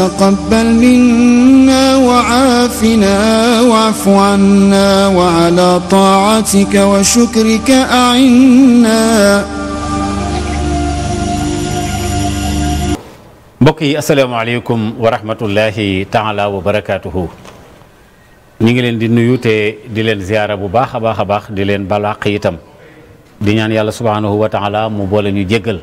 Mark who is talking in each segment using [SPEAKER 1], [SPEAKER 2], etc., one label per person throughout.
[SPEAKER 1] تقبل منا وعافنا واعف عنا وعلى طاعتك وشكرك أعنا mbokk yi asalaamaaleykum wa rahmatullahi taala wa barakaatuhu ñu ngi leen di nuyu te di leen ziyaara bu baax a baax a baax di leen balaq itam di ñaan yàlla subhaanahu wa taala mu boole ñu jéggal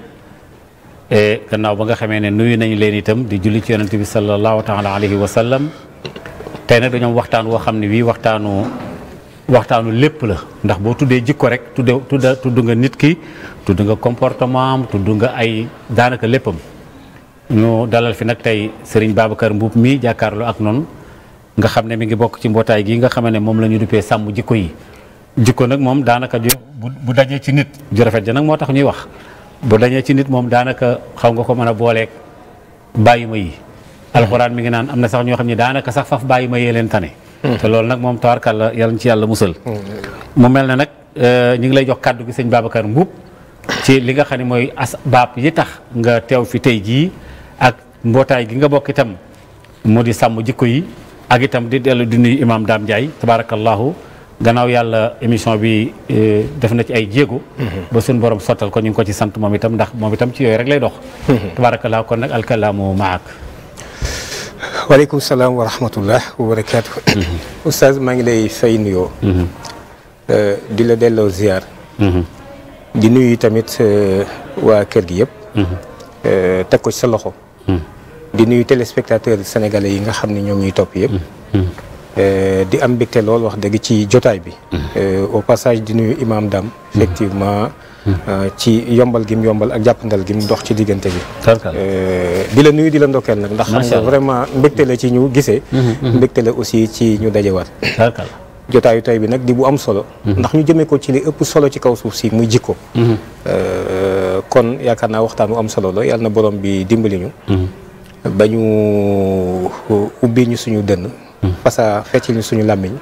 [SPEAKER 1] E gannaaw ba nga xamee ne nuyu nañ leen itam di julli ci yonent bi sallallahu taala alayhi wa sallam tey nag dañoo waxtaan woo xam ne wii waxtaanu waxtaanu lépp la ndax boo tuddee jikko rek tudde tudda tudd nga nit ki tudd nga comportement am tudd nga ay daanaka léppam ñu dalal fi nag tey Serigne Babacar Mboup mi jàkkaarloo ak noonu nga xam ne mi ngi bokk ci mbootaay gi nga xam ne moom la ñu duppee sàmm jikko yi jikko nag moom daanaka bu dajee ci nit ju rafet ja nag moo tax ñuy wax bu dañee ci nit moom daanaka xaw nga ko mën a booleeg bàyyi ma yi alxuraan mi ngi naan am na sax ñoo xam ne daanaka sax faf bàyyi ma yee leen tane hmm. te loolu nag moom tawarkal la yàlla ci yàlla musal hmm. mu mel na nag euh, ñu ngi lay jox kàddu gi sëñ Babacar Mboup ci li nga xam ne mooy as baab yi tax nga teew fi tey jii ak mbootaay gi nga bokk itam mu di sàmm jikko yi ak itam di dellu di nuyu imaam Dame Ndiaye tabaarakallaahu gannaaw yàlla émission bi eh, def na ci ay jéego. Mhm. ba suñu borom sottal ko ñu ngi ko ci sant moom itam ndax moom itam ci yooyu rek lay dox. Mhm. tabaarakallaa ko nag alkalaamu maak.
[SPEAKER 2] waaleykum salaam wa rahmatullah wa mhm. maa ngi lay fay nuyoo. Euh, di la delloo ziar. di nuyu tamit euh, waa kër gi yëpp. Euh, teg ko ci sa loxo. di nuyu téléspectateur sénégalais yi nga xam ne ñoom ñuy topp yëpp. Euh, di am mbégte lool wax dëgg ci jotaay bi. Euh, au passage di nuy imam Dam mm-hmm. effectivement mm-hmm. Euh, ci yombal gim yombal ak jàppandal gim dox ci diggante bi. di la nuyu di la ndokkeel nag. ndax xam nga vraiment mbégte la ci ñu gisee. Mm-hmm. mbégte la aussi ci ñu dajewaat. jotaayu tay bi nag di bu am solo. ndax ñu jëmee ko ci li ëpp solo ci kaw suuf si muy jikko. kon yaakaar naa waxtaan bu am solo la yàlla na borom bi dimbali ñu. ba ñu ubbi ñu suñu dënn. fasaa fecc ñu suñu làmmiñ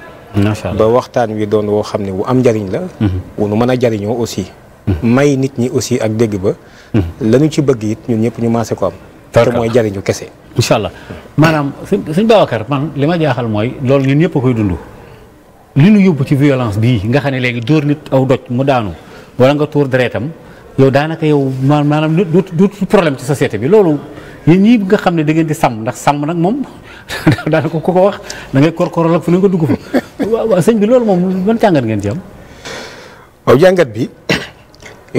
[SPEAKER 2] ba waxtaan wi doon woo xam ne wu am njariñ la mm-hmm. wu nu mën a jariñoo aussi mm-hmm. may nit ñi aussi ak dégg ba
[SPEAKER 1] mm-hmm.
[SPEAKER 2] lañu ci bëgg it ñun ñëpp ñu maase ko am te mooy jariñu kese
[SPEAKER 1] incha allah maanaam sëñ Babacar man li ma jaaxal mooy loolu ñun ñëpp koy dund li ñu yóbbu ci violence bii nga xam ne léegi dóor nit aw doj mu daanu wala nga tuur deretam yow daanaka yow maanaam du problème ci société bi loolu yéen ñii nga xam ne da ngeen di sàmm ndax sàmm nag moom daanaka ku ko ko wax da ngay korkoral ak fu ne ko dugg fa waaw waaw sëñ bi loolu
[SPEAKER 2] moom ban jàngat ngeen ci am. waaw jàngat bi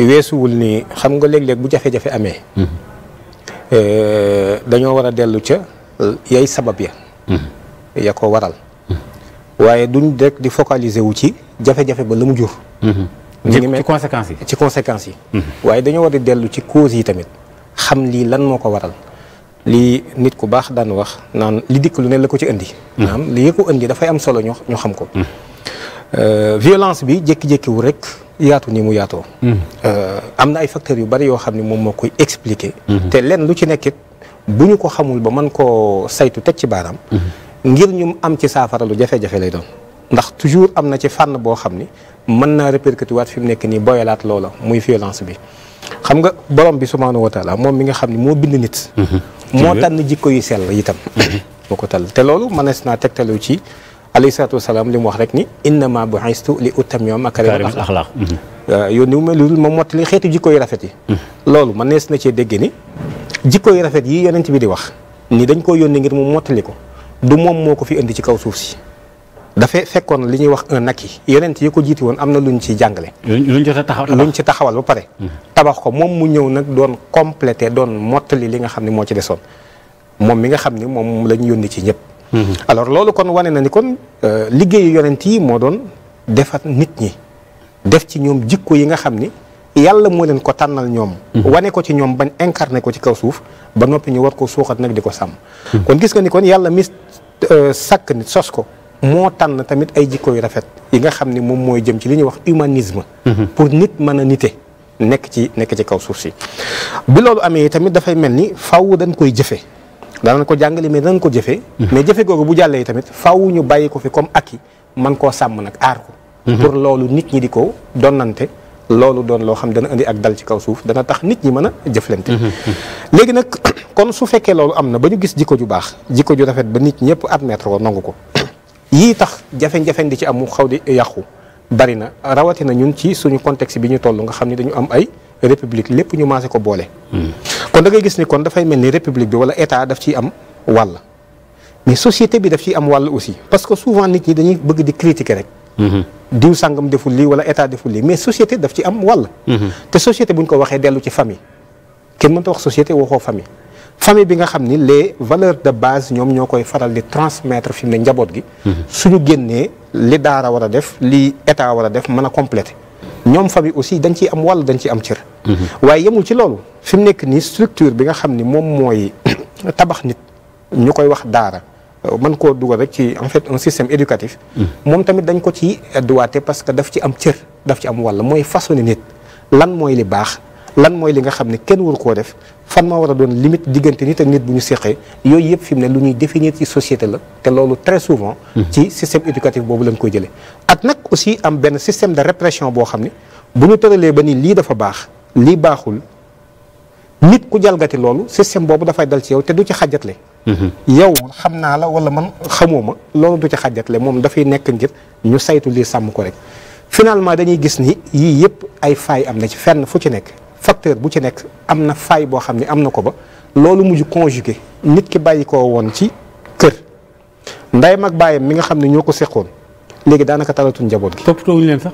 [SPEAKER 2] weesuwul ni xam nga léeg-léeg bu jafe-jafe amee. Mm-hmm. Eh, dañoo war a dellu ca yay sabab ya.
[SPEAKER 3] Mm-hmm.
[SPEAKER 2] ya ko waral. Mm-hmm. waaye duñ rek di focaliser wu ci jafe-jafe ba la mu jur. ci conséquences yi ci conséquences yi. waaye dañoo war dellu ci causes yi tamit xam lii lan moo ko waral. lii nit ku baax daan wax naan li dikk lu ne la ko ci indi. maanaam mm. li ko indi dafay am solo ñu ñu xam ko. Mm. Euh, violence bi jékki-jékki rek yaatu ni mu yaatoo. Mm. Euh, am na ay facteurs yu bari yoo xam ne moom moo koy expliquer. Mm-hmm. te lenn lu ci nekkit bu ñu ko xamul ba mën koo saytu teg ci baaraam. Mm-hmm. ngir ñu am ci saafara lu jafe-jafe lay doon. ndax toujours am na ci fànn boo xam ni mën naa répercuter waat fi mu nekk nii boyalaat loola muy violence bi. xam nga borom bi subhaanahu wa taala moom mi nga xam ne moo bind nit. Mhm. moo tànn jikko yu sell itam. boo mhm. ko tal te loolu mënees naa tegtalu ci alayhi salaatu wa salaam li mu wax rek ni innama bu'istu li utammima makaarimal axlaaq mhm. yónni wu ma loolu moom mottali xeetu jikko yu rafet yi. loolu mënees na cee dégg ni jikko yu rafet yi yonent bi di wax ni dañ koo yónni ngir mu mottali ko du moom moo ko fi indi ci kaw suuf si. dafay fekkoon li ñuy wax un yi yonent yi ko jiiti woon am na lu ñu ci jàngale. luñ ci taxawal luñ ci taxawal ba pare. Hmm. tabax ko moom mu ñëw nag doon complété doon mottali li nga xam ne moo ci desoon moom mi nga xam ni moom lañ yónni ci ñëpp. Hmm. alors loolu kon wane na ni kon euh, liggéeyu yonent yi moo doon defar nit ñi def ci ñoom jikko yi nga xam ni yàlla moo leen ko tànnal ñoom. Hmm. wane ko ci ñoom bañ incarné ko ci kaw suuf ba noppi ñu war ko suuxat nag di ko sàmm. kon gis nga ni kon yàlla mis euh, sàkk nit sos ko. moo tànn tamit ay jikko yu rafet yi nga xam ni moom mooy jëm ci li ñuy wax humanisme mhm. pour nit mën a nite nekk ci nekk ci kaw suuf si bi loolu amee tamit dafay mel ni faaw dañ koy jëfe danañ ko jàngale mais danañ ko jëfe mhm. mais jëfe googu bu jàllee tamit faaw ñu bàyyi ko fi comme aki man koo sàmm nag aar ko mhm. pour loolu nit ñi di ko donnante loolu doon loo xam dana indi ak dal ci kaw suuf dana tax nit ñi mën a jëflante léegi nag kon su fekkee loolu am na ba ñu gis jikko ju baax jikko ju rafet ba nit ñëpp admettre ko nangu ko yii tax jafe-jafe di ci am mu xaw di yàqu bari na rawatina ñun ci suñu contexte bi ñu toll nga xam ni dañu am ay république lépp ñu maase ko boole. Hmm. kon da ngay gis ni kon dafay mel ni république bi wala état daf ciy am wàll. mais société bi daf ciy am wàll aussi parce que souvent nit ñi dañuy bëgg di critiquer rek. Hmm. diw sàngam deful lii wala état deful lii mais société daf ci am wàll. Hmm. te société buñ ko waxee dellu ci famille kenn mënta wax société waxoo famille. famille bi nga xam ni les valeur de base ñoom ñoo koy faral di transmettre fi mu ne njaboot gi. suñu génnee li daara war a def li état war a def mën a compléter. ñoom famille aussi dañ ciy am wàll dañ ci am cër. Mhm. waaye yemul ci loolu fi mu nekk nii structure bi nga xam ni moom mooy tabax nit ñu koy wax daara. Euh, mën koo duggal rek ci en fait un système éducatif. Mm. moom tamit dañ ko ci doigté parce que daf ci am cër daf ci am wàll mooy façonné nit lan mooy li baax lan mooy li nga xam ne kenn waru koo def fan ma war a doon limite diggante nit ak nit bu ñu seqee yooyu yëpp fi mu ne lu ñuy définir ci société la te loolu très souvent mhm. ci système éducatif boobu lañ koy jëlee ak nag aussi am benn système de répression boo xam ne bu ñu tëralee ba ni lii dafa baax lii baaxul nit ku jalgati loolu système boobu dafay dal ci yow te du ci xàjjatle mhm. yow xam naa la wala man xamoo ma loolu du ci xajatle moom dafay nekk ngir ñu saytu lii sàmm ko rek finalement dañuy gis ni yii yëpp ay faay am na ci fenn fu ci nekk facteur bu ci nekk am na faay boo xam ne am na ko ba loolu mujj conjugué nit ki bàyyi koo woon ci kër ndeyam mag baayam mi nga xam ne ñoo ko seqoon léegi daanaka talatuñ njaboot gi. toppatoowuñ leen sax.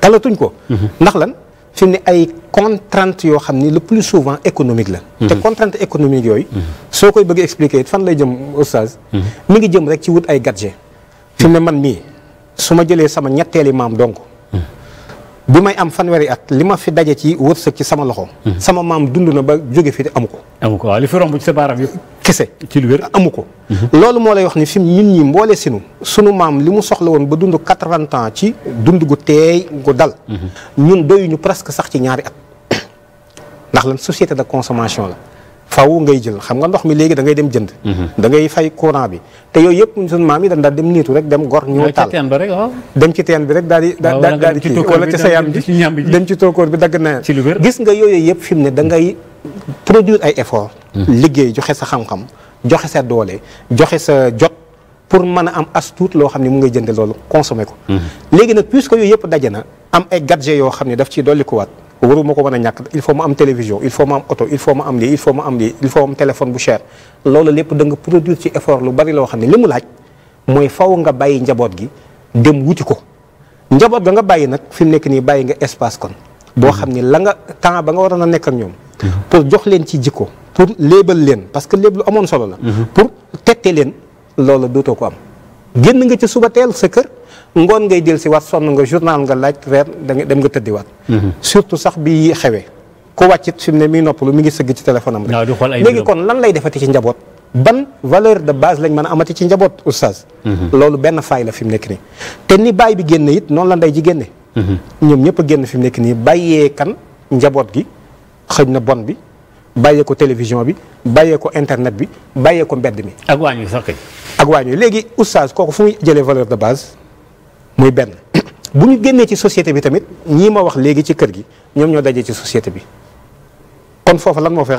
[SPEAKER 2] talatuñ ko. Mhm. ndax lan fi mu ne ay contraintes yoo xam ni le plus souvent économique la. Mhm. te contrainte économique yooyu. Mhm. soo koy bëgg expliquer fan lay jëm oustaz. mi ngi jëm rek ci wut ay gadget. fi mu ne man mii su ma jëlee sama ñetteeli maam donc. bi may am fanweeri at li ma fi daje ci wërsëg ci sama loxo. Mhm. sama maam dund na ba jóge fii amu ko. amu ko li fi romb ci sa baaram kese ci lu amu ko. Mhm. loolu moo lay wax ni fi ñun ñi mboole sinu sunu maam li mu soxla woon ba dund quatre-vingts ans ci dund gu teey gu dal. Mhm. ñun doyuñu presque sax ci ñaari at ndax lan société de consommation la. faaw ngay jël xam nga ndox mi léegi da ngay dem jënd mhm. da ngay fay courant bi te yooyu yëpp suñu maam yi dañ dem niitu rek dem gor ñëw taal dem ci teen bi rek daal di daal di kii wala ci sayam bi dem ci tookóor bi dagg na gis nga yooyu yëpp fi mu ne da ngay produire ay effort mhm. liggéey joxe sa xam-xam joxe sa doole joxe sa jot pour mën a am as loo xam ne mu ngay jënd loolu consommer ko mhm. léegi nag puisque yooyu yëpp daje na am ay gadget yoo xam ne daf ciy dolli kuwaat waruma ko mën a ñàkk il faut ma am télévision il faut ma am oto il faut ma am lii il faut ma am lii il faut ma am téléphone bu cher loolu lépp da nga produire ci effort lu bari loo xam ne li mu laaj mooy faw nga bàyyi njaboot gi dem wuti ko njaboot ga nga bàyyi nag fi mu nekk nii bàyyi nga espace kon boo xam ne la nga temps ba nga waroon a nekk ak ñoom pour jox leen ci jikko pour léebal leen parce que léeb lu amoon solo la mhm. pour tette leen loolu dootoo ko am génn nga ca suba teel sa kër ngoon ngay jël si waat sonn nga journal nga laaj reer da dem nga tëddi waat mhm. surtout sax bi xewee ku wàccit fi mu ne miy noppalu mi ngi sëgg ci téléphone am rek léegi kon lan lay defati ci njaboot ban valeur de base lañ mën a amati ci njaboot oustaz mhm. loolu benn faay la fi mu nekk nii te ni bàyyi bi génne it noonu la ndey ji génne mhm. ñoom ñëpp génn fi nekk nii bàyyee kan njaboot gi xëj na bon bi bàyyee ko télévision bi bàyyee ko internet bi bàyyee ko mi ak waañ wi ak waañ wi léegi oustaz kooku fu jëlee valeur de base muy benn bu ñu génnee ci société bi tamit ñii ma wax léegi ci kër gi ñoom ñoo dajee ci société bi kon foofu lan moo fay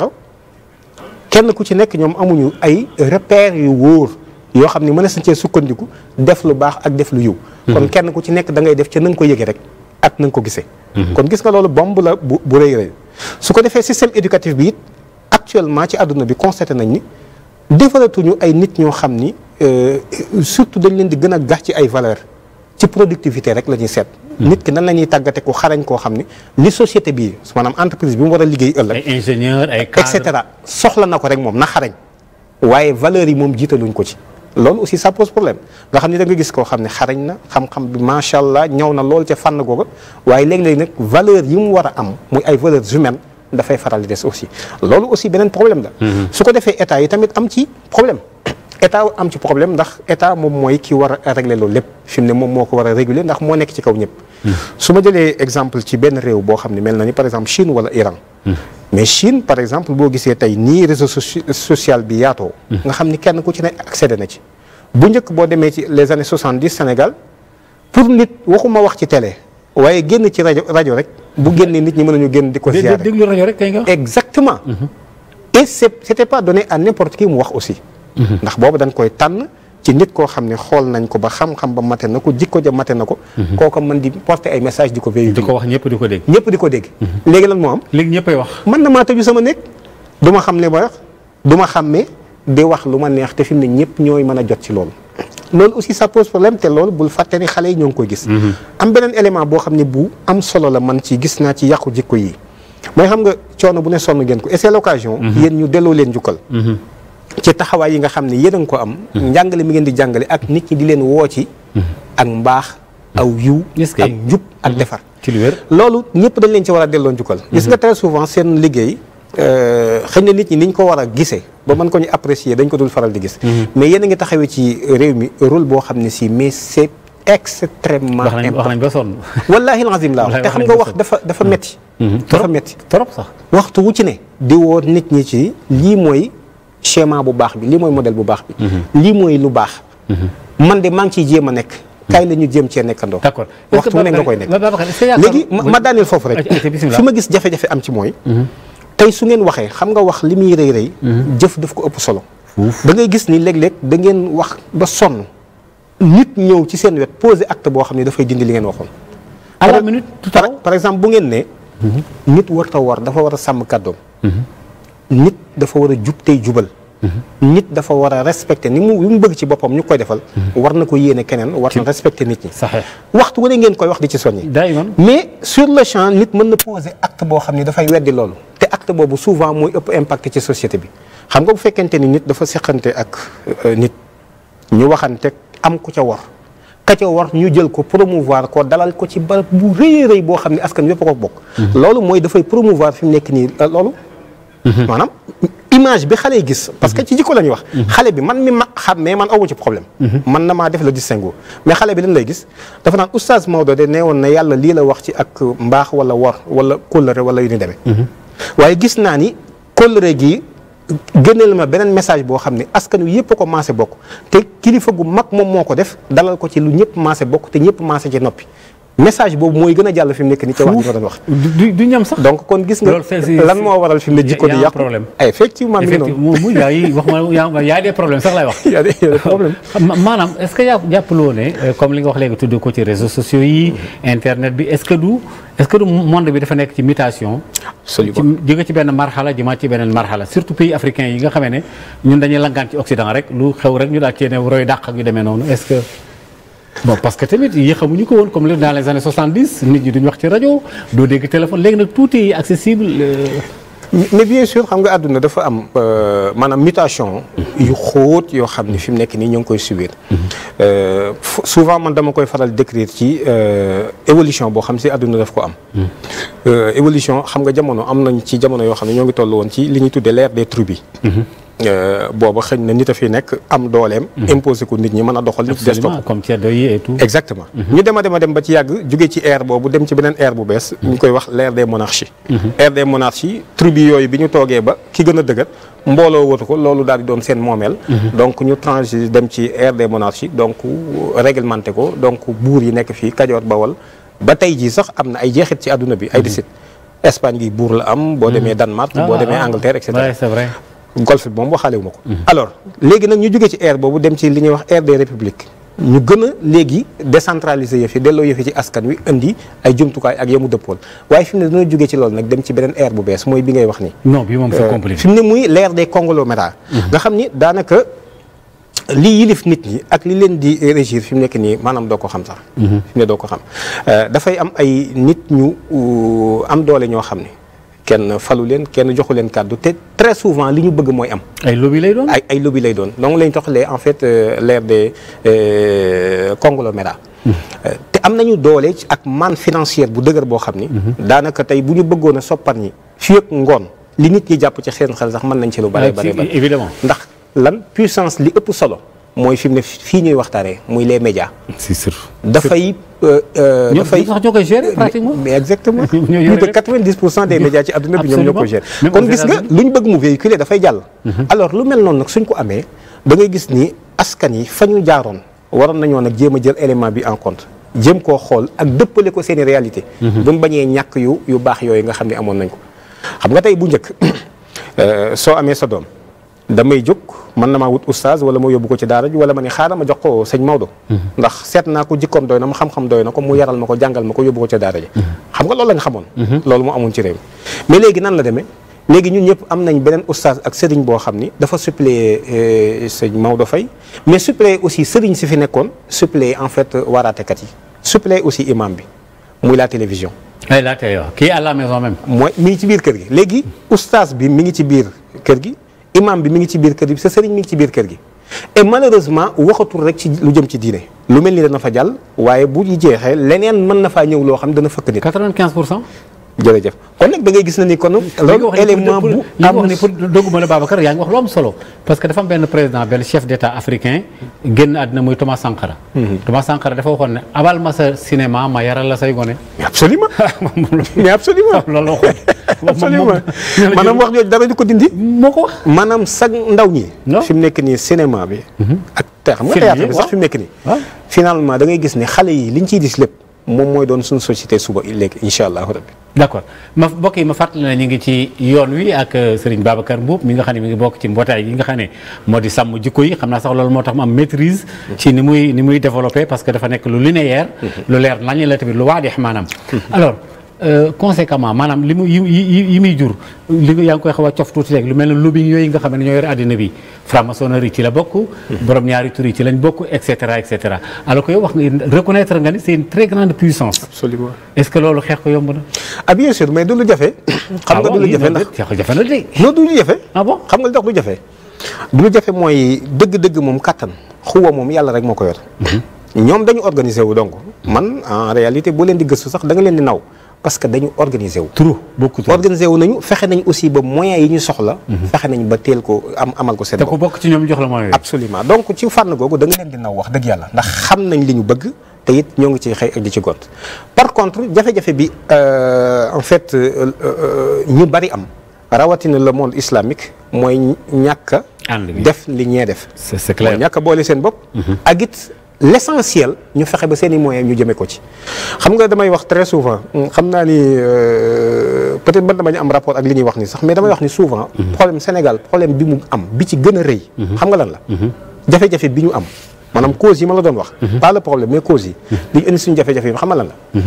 [SPEAKER 2] kenn ku ci nekk ñoom amuñu ay repères yu wóor yoo xam ne mën na sañ cee sukkandiku def lu baax ak def lu yiw mhm. kon kenn ku ci nekk da ngay def ca na nga ko yëgee rek ak na ko gisee mhm. kon gis nga loolu bomb la bu bu rëy rëy su ko defee système éducatif bi it actuellement ci àdduna bi constaté nañ ni defaratuñu ay nit ñoo xam ni euh, surtout dañ leen di gën a gax ci ay valeurs ci productivité rek la ñuy seet. nit ki nan la ñuy tàggate ku xarañ koo xam ni li société bi maanaam entreprise bi mu war a liggéey ëllëg. ay ingénieur et cetera soxla na ko rek moom na xarañ. waaye valeurs yi moom jiitaluñ ko ci. loolu aussi ça pose problème nga xam ni da nga gis koo xam ne xarañ na xam-xam bi macha allah ñëw na lool ca fànn googa waaye léeg-léeg nag valeur yi mu war a am muy ay valeurs humaines dafay faral di des aussi loolu aussi beneen problème la. Mm-hmm. su ko defee état yi tamit am ci problème. état am ci problème ndax état moom mooy ki war a régler loolu lépp fi mu ne moom moo ko war a réguler ndax moo nekk ci kaw ñëpp. Hmm. su ma jëlee exemple ci benn réew boo xam ne mel na ni par exemple Chine wala Iran. Hmm. mais Chine par exemple boo gisee tey nii réseau social bi yaatoo. Hmm. nga xam ni kenn ku ci ne ak accédé na ci. bu njëkk boo demee ci les années 70 Sénégal pour nit waxuma wax ci télé. waaye génn ci rajo rajo rek bu génnee nit ñi mën nañu génn di ko ziare déglu rajo rek kay nga exactement. et c' était pas donné à n'importe qui mu wax aussi. Mm-hmm. ndax boobu dañ koy tànn ci nit koo xam ne xool nañ ko ba xam-xam ba mate na ko jikko ja mate na ko mm-hmm. kooko mën di porter ay message di ko véhiculer di ko wax ñëpp di ko dégg ñëpp di ko dégg mm-hmm. léegi lan moo am léegi ñëppay wax mën na maa tëju sama nekk du ma xam ne ba wax du ma xàmmee di wax lu ma neex te fi mu ne ñëpp ñooy mën a jot ci loolu loolu aussi ça pose problème te lool bul fàtte ni xale yi ñoo ngi koy gis am beneen élément boo xam ne bu am solo la man ci gis naa ci yàqu jikko yi mooy xam nga coono bu ne sonn ngeen ko et yéen ñu delloo leen jukkal ci taxawaay yi nga xam ne yéen a ngi ko am. Hmm. njàngale mi ngeen di jàngale ak nit ñi di leen woo ci. Hmm. ak mbaax aw yiw. ak njub ak hmm. defar. ci lu loolu ñëpp dañ leen ci war a delloo njukkal. gis nga très souvent seen liggéey. Euh, xëy na nit ñi niñ ko war a gisee ba mën ko ñu apprécier dañ ko dul faral di gis. mais yéen a ngi taxawee ci réew mi rôle boo xam ne si mais c'est extrêmement important wax nañ ba sonn. wallaahi alazim laa te xam nga wax dafa dafa metti dafa metti trop sax waxtu wu ci ne. di woo nit ñi ci lii mooy schéma bu baax bi lii mooy modèle bu baax bi. Mhm. lii mooy lu baax. Mhm. man de maa ngi ciy jéem a nekk. Mhm. kaay la ñu jéem cee nekkandoo. d'accord waxtu ne nga koy nekk léegi ma daaneel foofu rek. fi ma gis jafe-jafe am ci mooy. tey su ngeen waxee xam nga wax li muy rëy rëy. jëf daf ko ëpp solo. da ngay gis ni léeg-léeg da ngeen wax ba sonn. nit ñëw ci seen wet posé act boo xam ne dafay dindi li ngeen waxoon. à la minute par exemple bu ngeen ne. nit warta war dafa war a sàmm kàddoom. nit dafa war a jub tey jubal. Mhm. nit dafa war a respecté ni mu li mu bëgg ci boppam ñu koy defal. Mhm. war na ko yéene keneen war na respecté nit ñi. waxtu wane ngeen koy wax di ci soññi. mais sur le champ nit mën na poser acte boo xam ne dafay weddi loolu. te acte boobu souvent mooy ëpp impact ci société bi xam nga bu fekkente ni nit dafa seqante ak euh, nit ñu waxante am ku ca war. ka ca war ñu jël ko promouvoir ko dalal ko ci barab bu rëy rëy boo xam ne askan wépp ko bokk. Mhm. loolu fi mu nekk nii euh, loolu. Mhm. maanaam image bi xale yi gis parce que mhm. ci jikko la ñuy wax mhm. xale bi man mi ma xam mais man awu ci problème man na maa def la distinguo mais xale bi lan lay gis dafa naan oustaz Maodo de nee woon na yàlla lii la wax ci ak mbaax wala war wala kóllëre wala yu ni demee waaye gis naa ni kóllëre gi génneel ma beneen message boo xam ne askan wi yëpp ko maase bokk te kilifa gu mag moom moo ko def dalal ko ci lu ñëpp maase bokk te ñëpp maase ci noppi message boobu mooy gën a jàll fi nekk ni ca wax ji ma doon wax. du du ñam sax. donc kon gis nga lan moo waral fi ne jikko di yàqu problème
[SPEAKER 1] ah, wax ma yaa des problèmes sax lay wax. maanaam est ce que yaa jàppaloo ne euh, comme li nga wax léegi tudd ko ci réseaux sociaux yi mm-hmm. internet bi est ce que du monde bi dafa nekk ci mutation. ci jóge ci benn marxala jëmaat ci beneen marxala surtout pays africain yi nga xamee ne ñun dañuy langaan ci Occident rek lu xew rek ñu daal cee ne roy dàq ak yu demee noonu est ce que. bon parce que tamit yi xamuñu ko woon comme le dans les années 70 nit ñi duñu wax ci rajo doo dégg téléphone léegi nag tout est accessible. Euh.
[SPEAKER 2] mais bien sûr xam nga àdduna dafa am euh, maanaam mutation. yu xóot yoo xam ni fi mu nekk nii ñoo ngi koy subir. Mm-hmm. Euh, souvent man dama koy faral décrire ci évolution boo xam si àdduna daf ko am. Mm-hmm. évolution xam nga jamono am nañ ci jamono yoo xam ne ñoo ngi toll woon ci li ñuy tuddee l'ère des tribus bi. Mm-hmm. Euh, booba xëñ na nit a fi nekk am dooleem. Mhm. imposé ko nit ñi mën a doxal. nit des topp exactement mhm. ñu dem a dem ba ci yàgg jóge ci ère boobu dem ci beneen ère bu bees. Mhm. ñu koy wax l'ère des monarchies. ère des monarchies tribu yooyu bi ñu toogee ba ki gën a dëgër mbooloo watu ko loolu daal di doon seen moomeel. donc ñu tranché dem ci ère des monarchies donc réglementé ko donc buur yi nekk fii Kajoor Bawol ba tey jii sax am na ay jeexit ci àdduna bi ay disit Espagne golf bi moom waxaale wu ma ko. Mhm. alors léegi nag ñu jógee ci air boobu dem ci li ñuy wax air des républiques. ñu gën a léegi décentraliser yëf fi delloo yëf yi ci askan wi indi ay jumtukaay ak yamu dëppool waaye fi mu ne dina jógee ci loolu nag dem ci beneen air bu bees mooy bi ngay wax ni
[SPEAKER 1] non bi moom c'est euh, compliqué fi
[SPEAKER 2] mu ne muy l'ère des conglomérats mhm. nga xam ni daanaka li yilif nit ñi ak li leen di régir fi mu nekk nii maanaam doo ko xam sax. Mhm. fi ne doo ko xam euh, dafay am ay nit ñu euh, am doole ñoo xam ne. kenn falu leen kenn joxu leen kàddu te très souvent li ñu bëgg mooy am. ay lobby lay doon ay ay lay doon donc lañ toxalee en fait euh, l'ère des euh, conglomérats. Mmh. Euh, te am nañu doole ak man financière bu dëgër boo xam ni. Mmh. daanaka tey bu ñu bëggoon a soppar ñi fii ak ngoon li nit ñi jàpp ci seen xel sax mën nañ ci lu. bare bare bare évidemment ndax lan puissance li ëpp solo. mooy fi ne fii ñuy waxtaanee muy les médias. c'est sûr dafay. Euh, euh, dafay ñoom ñoo koy gérer euh, pratiquement. mais exactement plus de 90 pour cent des médias ci àdduna bi ñoom ñoo koy gérer. kon gis nga lu ñu bëgg mu véhiculer dafay jàll. Mhm. alors lu mel noonu nag suñ ko amee da ngay gis ni askan yi fa ñu jaaroon waroon nañoo nag jéem a jël élément bi en compte. jéem koo xool ak dëppale ko seeni réalité mhm. bu bañee ñàkk yu yu baax yooyu nga xam ne amoon nañ ko. xam nga tey bu njëkk soo amee sa doom. damay jóg man na maa wut oustaz wala ma yóbbu ko ci daara ji wala ma ni xaaral ma jox ko sëñ Maodo mhm. ndax seet naa ko jikkoom doy na ma xam-xam doy na ko mu yaral ma ko jàngal ma ko yóbbu ko ci daara ji mhm. xam nga loolu lañ xamoon mhm. loolu moo amoon ci réew mais léegi nan la demee léegi ñun ñëpp am nañ beneen oustaz ak sëriñ boo xam ni dafa suppléer euh, sëñ Maodo Faye mais suppléer aussi sëriñ si fi nekkoon suppléer en fait waaraatekat yi suppléer aussi imam bi muy la télévision ay eh, la télé kii à la maison même mooy mi ngi ci biir kër gi léegi oustaz bi mi ngi ci biir kër gi imam bi mu ngi ci biir kër gi sa sëriñ mi ngi ci biir kër gi et malheureusement waxatul rek lu jëm ci diine lu mel ni dana fa jàll waaye bu jeexee leneen mën na faa ñëw loo xam dana fëkk nit 95 pour cent jërëjëf kon nag da ngay gis na ni kon. loolu élément bu am wax ni pour
[SPEAKER 1] dogguma la Babacar yaa ngi wax lu am solo. parce que dafa am benn président benn chef d' état africain génn àddina muy Thomas Sankara. Mhm. Thomas Sankara dafa waxoon ne abal ma sa cinéma ma yaral la say gone. mais
[SPEAKER 2] absolument
[SPEAKER 1] mais wax jooju
[SPEAKER 2] dara di ko dindi. moo ko wax maanaam sag ndaw ñi. fi mu nekk nii cinéma bi. Mhm. ak te xam nga théâtre bi sax fi nekk nii. finalement da ngay gis ni xale yi liñ ciy gis lépp. moom mooy doon suñu société suba léegi incha allahu rabbi d' accord
[SPEAKER 1] mbokk yi ma fàttali na ñu ngi ci yoon wi ak euh, Serigne Babacar Mboup mi nga xam ne mu ngi bokk ci mbootaay yi nga xam ne moo di sàmm jikko yi xam naa sax loolu moo tax mu am maîtrise ci ni muy ni muy développé parce que dafa nekk lu linéaire mm-hmm. lu leer nañ la tamit lu waadix maanaam mm-hmm. alors Euh, consequement maanaam li mu yi yi yi muy jur li nga yaa ngi koy xaw a cof tuuti rek lu mel ne lobbying yooyu nga xam ne ñoo yore àddina bi franc-maçonnerie ci la bokk. Hmm. borom ñaari tur yi ci lañ bokk et cetera et cetera alors que yow wax nga reconnaître nga ni c'est une très grande
[SPEAKER 2] puissance. absolument est-ce que loolu xeex ko yomb na. ah bien sûr mais du lu jafe. xam nga ah du lu jafe ah ndax jafe du lu jafe. xam nga li jafe. du lu mooy dëgg-dëgg moom kattan xuwa moom yàlla rek moo ko yor. Mhm. ñoom dañu organiser wu donc man en boo leen di gëstu sax da nga leen di naw parce que dañu organiser wu. trop beaucoup trop organiser wu nañu fexe nañ aussi ba moyens yi ñu soxla. Mhm. fexe nañ ba teel ko am amal ko seen bopp. te ko bokk ci ñoom jox la moyens absolument donc ci fànn googu da nga leen di naw wax dëgg yàlla ndax xam nañ li ñu bëgg te it ñoo ngi ci xëy ak di ci gont par contre jafe-jafe bi euh, en fait euh, euh, ñu bari am rawatina le monde islamique mooy ñàkk def li ñee def. c'est ñàkk boole seen bopp. Mhm. ak l' essentiel ñu fexe ba seen i moyens ñu jëmee ko ci xam nga damay wax très souvent xam naa ni euh, peut-être man dama am rapport ak li ñuy wax ni sax mais damay wax ni souvent. Mhm. problème Sénégal problème bi mu am bi ci gën a rëy. Mhm. xam nga lan la. Mhm. jafe-jafe bi ñu am maanaam cause yi ma la doon wax. pas le problème mais cause yi. li indi suñu jafe-jafe yi xam nga lan la.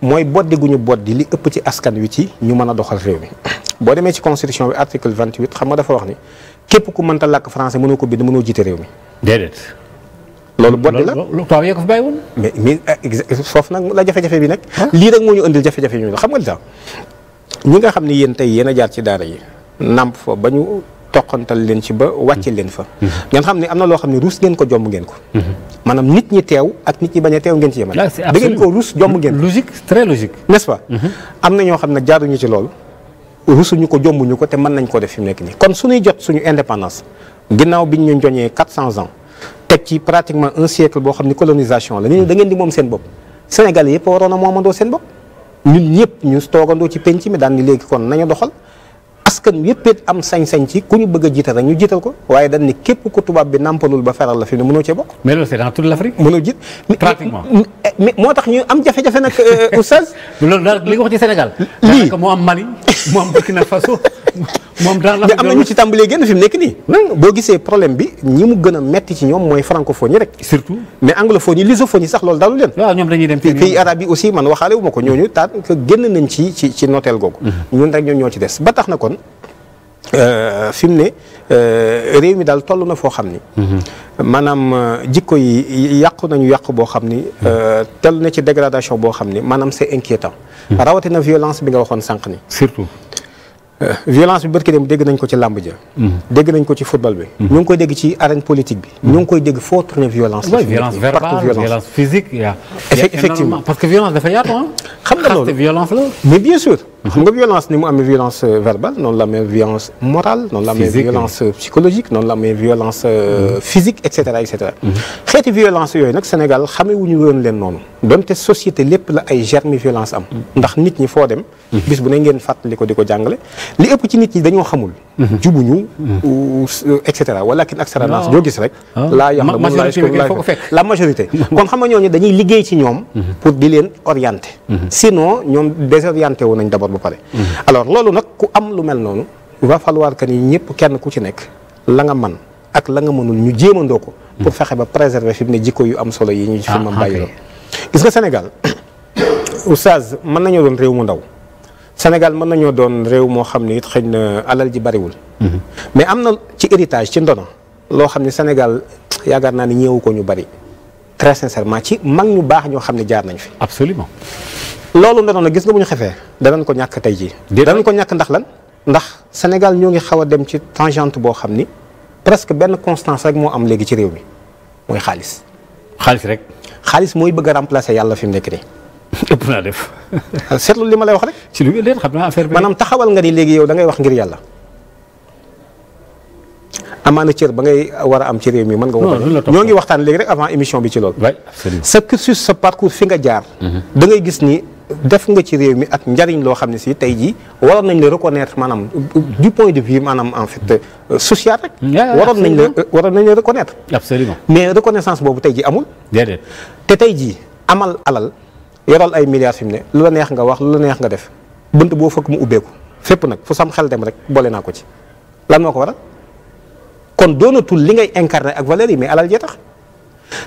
[SPEAKER 2] mooy boddi gu ñu boddi li ëpp ci askan wi ci ñu mën a doxal réew mi boo demee ci constitution bi article vingt xam nga dafa wax ni képp ku mënta làkk français mënoo ko bind mënoo jiite réew mi. déedéet. loolu boddi la tubaab yee ko fi bàyyi woon mais mais ah, foofu nag la jafe-jafe bi ah. nag lii rek moo ñu indil jafe-jafe ñu xam nga li tax ñi nga xam ne yéen tey yéen a jaar ci daara yi nàmp fa ba ñu toqantal leen ci ba wàcce leen fa mm-hmm. ngeen xam ne am na loo xam ne ruus ngeen ko jomb ngeen ko mm-hmm. maanaam nit ñi teew ak nit ñi bañ a teew ngeen ci yemal da ngeen jomb ngeen logique très logique n'est-ce mm-hmm. ñoo xam ne jaaruñu ci loolu rusuñu ko jombuñu ko te mën nañ ko def fi mu nekk nii kon su suñuy jot suñu indépendance ginnaaw bi ñu joñee quatre cents ans teg ci pratiquement un siècle boo xam ni colonisation la ni da ngeen di moom seen bopp Sénégal yëpp waroon a moomandoo seen bopp ñun ñëpp ñu toogandoo ci penc mi daan ni léegi kon nañu doxal askan wi yëpp it am sañ-sañ ci ku ñu bëgg a rek ñu jiital ko waaye dañ ni képp ku tubaab bi nàmpalul ba feral la fi ne mënoo cee bokk. mais loolu c'est dans toute jiit moo tax ñu am jafe-jafe nag euh, euh, oustaz. loolu daal li nga am Mali moo am Burkina Faso. moom daal am na ñu ci mu nekk nii. boo gisee problème bi ñi mu gën a metti ci ñoom mooy francophonie rek. surtout mais anglophonie lusophonie sax loolu dalu leen. waaw ñoom dañuy dem pays arabe yi aussi man waxaale wu ma ko ñooñu taat que génn nañ ci ci ci nooteel googu. Mm-hmm. ñun rek ñoo ci des ba tax na kon Euh, fi mu ne euh, réew mi daal toll na foo xam ni. Mhm. maanaam euh, jikko yi yàqu nañu yàqu boo xam ni. Mhm. toll na ci dégradation boo xam ni maanaam c'est inquiétant. Mhm. rawatina violence bi nga waxoon sànq ni surtout. violence bi barki dem dégg nañ ko ci làmb ja dégg nañ ko ci football bi ñu ngi koy dégg ci arène politique bi ñu ngi koy dégg foo tourner violence violence verbale violence physique effectivement parce que violence dafa yaatu xam nga loolu la mais bien sûr xam nga violence ni mu amee violence euh, verbale noonu la amee violence morale. noonu la amee violence euh, psychologique noonu la amee violence euh, mm-hmm. physique et cetera et cetera. Mm-hmm. xeeti violence yooyu nag Sénégal xamee ñu woon leen noonu. te société lépp la ay germes violence am. Mm-hmm. ndax nit ñi foo dem. bis bu ne ngeen fàttali ko di ko jàngale. li ëpp ci nit ñi dañoo xamul. Mm-hmm. jubuñu. Mm-hmm. Euh, et cetera walakin aksara naas ñoo gis rek. Ah. laa yàq la majorité kon xam nga ñooñu dañuy liggéey ci ñoom. Mm-hmm. pour di leen orienter. sinon ñoom désorienté wu nañ d'abord ba pare. alors loolu nag ku am lu mel noonu. va falloir que ni ñëpp kenn ku ci nekk la nga man ak la nga mënul ñu jéemandoo ko. pour fexe ba préserver fi mu ne jikko yu am solo yi ñu ci fi ah, ma bàyyi gis nga Sénégal oustaz mën nañoo doon réew mu ndaw. Sénégal mën nañoo doon réew moo xam ne it xëy na alal ji bariwul. Mhm. mais am na ci héritage ci ndono loo xam ne Sénégal yaakaar naa ni ñëwu ko ñu bari très sincèrement ci mag ñu baax ñoo xam ne jaar nañ fi. absolument loolu ndono nag gis nga bu ñu xefee danañ ko ñàkk tey jii. danañ ko ñàkk ndax lan ndax Sénégal ñoo ngi xaw a dem ci tangente boo xam ni presque benn constance rek moo am léegi ci réew mi mooy xaalis. xaalis rek. xaalis mooy bëgg a remplacer yàlla fi mu nekk nii. ëpp def. Ah, seetlu li ma lay wax rek. ci lu leen xam naa affaire bi. maanaam taxawal nga ni léegi yow da ngay wax ngir yàlla. amaana cër ba ngay war a am ci réew mi mën nga. non ñoo ngi waxtaan léegi rek avant émission bi ci loolu. sa cursus sa parcours fi nga jaar. Mhm. da ngay gis ni def nga ci réew mi ak njariñ loo xam ne si tey jii waroon nañ la reconnaître maanaam du point de vue maanaam en fait euh, social rek. waroon nañ la waroon nañ la reconnaître. absolument mais reconnaissance boobu tey ji amul. déedéet te tey jii amal alal. yoral ay milliards fi mu ne lu la neex nga wax lu la neex nga def bunt boo fëkk mu ubbeeku fépp nag fu sam xel dem rek boole naa ko ci lan moo ko waral kon doonatul li ngay incarné ak valeur yi mais alal jee tax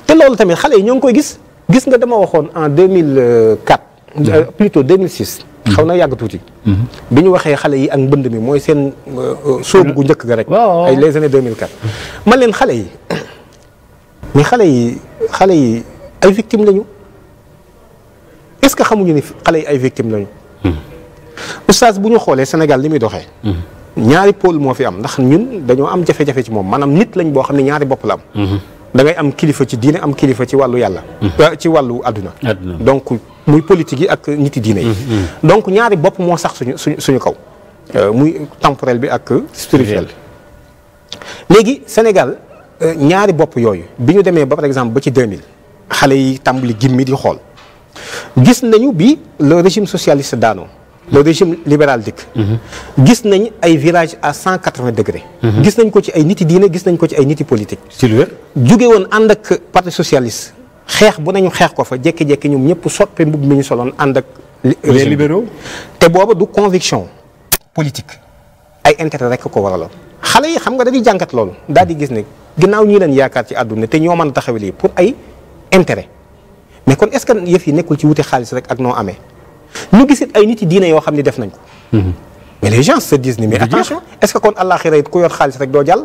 [SPEAKER 2] te loolu tamit xale yi ñoo ngi koy gis gis nga dama waxoon en 2004. Euh, plutôt 2006. Mhm. xaw na yàgg tuuti. Mhm. bi ñu waxee xale yi ak mbënd mi mooy seen euh, euh, sóobu gu njëkk ga rek. ay les années 2004. ma leen xale yi mais xale yi xale yi ay victimes lañu. est-ce que xamuñu ni xale yi ay victimes lañu. Hmm. oustaz bu ñu xoolee Sénégal li muy doxee. Hmm. ñaari pôle moo fi am ndax ñun dañoo am jafe-jafe ci moom maanaam nit lañ boo xam ne ñaari bopp la am. Hmm. dangay am kilifa ci diine am kilifa ci wàllu yàlla. Euh, ci wàllu àdduna. donc muy politique yi ak niti diine yi. donc ñaari bopp moo sax suñu suñu suñu kaw. Euh, muy temporel bi ak spirituel bi. léegi Sénégal euh, ñaari bopp yooyu bi ñu demee ba par exemple ba ci mille xale yi tàmbali gimmi di xool. gis nañu bi le régime socialiste daanoo le régime libéral dikk gis nañ ay virages à cent quatre-vingts degrés gis nañ ko ci ay niti diine gis nañ ko ci ay niti politique jóge woon ànd ak parti socialiste xeex bu nañu xeex ko fa jekki-jekki ñoom ñëpp soppi mbubb mi ñu soloon ànd ak les te booba du conviction politique ay intérêt rek ko waraloon xale yi xam nga dañuy jàngat loolu daal di gis ne ginnaaw ñii leen yaakaar ci àdduna te ñoo mën a taxawal yi pour ay intérêt mais kon est-ce que yëf yi nekkul ci wute xaalis rek ak noo amee ñu gisit ay nit yi diine yoo xam ne def nañ ko. Mm-hmm. mais les gens se disent ni mais attention est-ce que kon àllaaxira it ku yor xaalis rek doo jàll.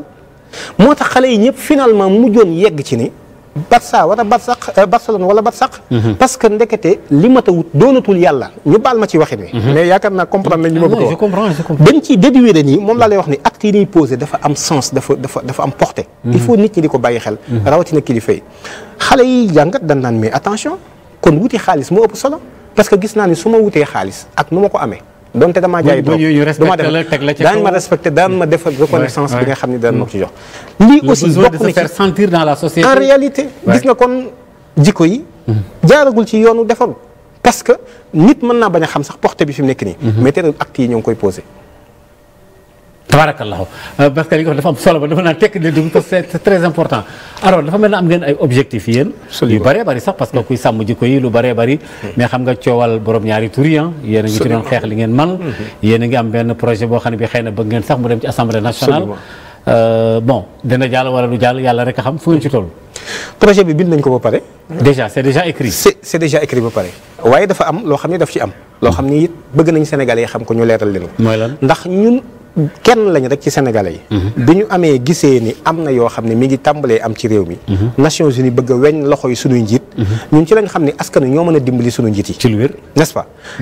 [SPEAKER 2] moo tax xale yi ñëpp finalement mujjoon yegg ci ni Barça wala Barsax euh, Barcelone wala Barsax. Mhm. parce que ndekete li mat wut doonatul yàlla ñu baal ma ci waxin wi. Mhm. mais yaakaar naa comprendre nañ li ma ah, bëgg wax dañ ciy déduire nii moom wax ni acte yi ñuy posé dafa am sens dafa dafa dafa am portée. Mhm. il faut nit ñi di ko bàyyi xel. rawatina kilifa yi xale yi jàngat dañ naan mais attention kon wuti xaalis moo ëpp solo parce que gis naa ni su ma wutee xaalis ak nu ma ko amee. donte damaa jaay doom dama def daan ma respecté daan ma def reconnaissance bi nga xam ne daan ma ko ci jox. lii aussi bokk na ci sentir dans la société. en réalité gis nga kon jikko yi. Mhm. jaaragul ci yoonu defaru parce que nit mën naa bañ a xam sax porte bi fi mu nekk nii. Mhm. mais terewul acte yi ñoo ngi koy posé. tabarakallahu euh, parce que li nga wax dafa am solo ba dafa naan tekk di dugg parce que c'est très important alors
[SPEAKER 1] dafa mel ne am ngeen ay objectifs yéen yu bëree bëri sax parce que kuy sàmm jikko yi lu bëree bëri mais xam nga coowal borom ñaari tur yi ah. a ngi ci xeex li ngeen man mhm. yéen a ngi am benn projet boo xam ne bi xëy na bëgg ngeen sax euh, xam
[SPEAKER 2] fu ngeen ko ba pare déjà écrit c'est pare waaye dafa am loo xam ne daf ci am loo xam ne it bëgg nañ sénégalais yi xam ko ñu leeral leen ndax ñun kenn lañ rek ci sénégalais yi mhm. bi ñu amee gisee ni am na yoo xam ne mi ngi tàmbalee am ci réew mi mhm. Nations Unies bëgg a weñ loxo yi suñuy njiit mhm. ñun ci lañ xam ne askan wi ñoo mën a dimbali suñu njiit yi ci lu wér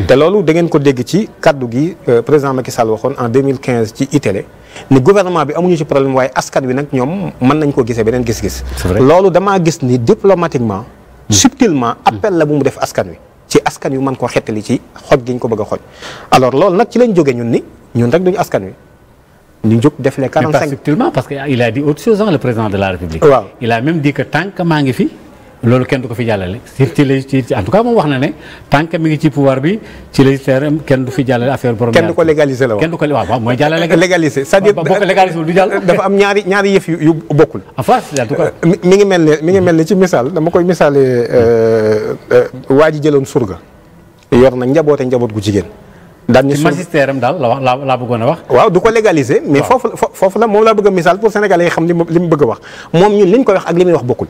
[SPEAKER 2] te loolu dangeen ko dégg ci kaddu gi euh, président Macky Sall waxoon en 2015 ci Itélé ni gouvernement bi amuñu ci problème waaye askan wi nag ñoom mën nañ ko gisee beneen gis-gis loolu dama gis ni diplomatiquement subtilement appel la bu mu def askan wi ci askan yu mën koo xettali ci xoj ko bëgg a alors loolu nag ci lañ jóge ñun ni ñun rek duñu askan wi. ñu jóg def les quarante cinq mais pas
[SPEAKER 1] subtilement parce que il a dit autre chose hein, le président de la république. waaw il a même dit que tant que maa ngi fi. loolu kenn du ko fi jàllale wax na ne tant que mi ngi ci pouvoir bi ci législative kenn du fi jàllale affaire borom. kenn ko
[SPEAKER 2] légaliser la kenn
[SPEAKER 1] du ko waaw waaw mooy jàllale. légaliser c'est-à-dire boo ko légaliser
[SPEAKER 2] du jàll. dafa am ñaari ñaari yëf yu bokkul. en euh, ngi mel ne mi ngi mel ne ci misaal dama koy misaalee euh, euh, waa ji jëloon surga. yor na njaboote njaboot ku jigéen. daan ñu magistère am daal la wax laa bëggoon a wax. waaw du ko légaliser. mais foofu foofu la moom laa bëgg a misaal pour sénégalais yi xam li mu bëgg a wax moom ñun li ñu koy wax ak li muy wax bokkul.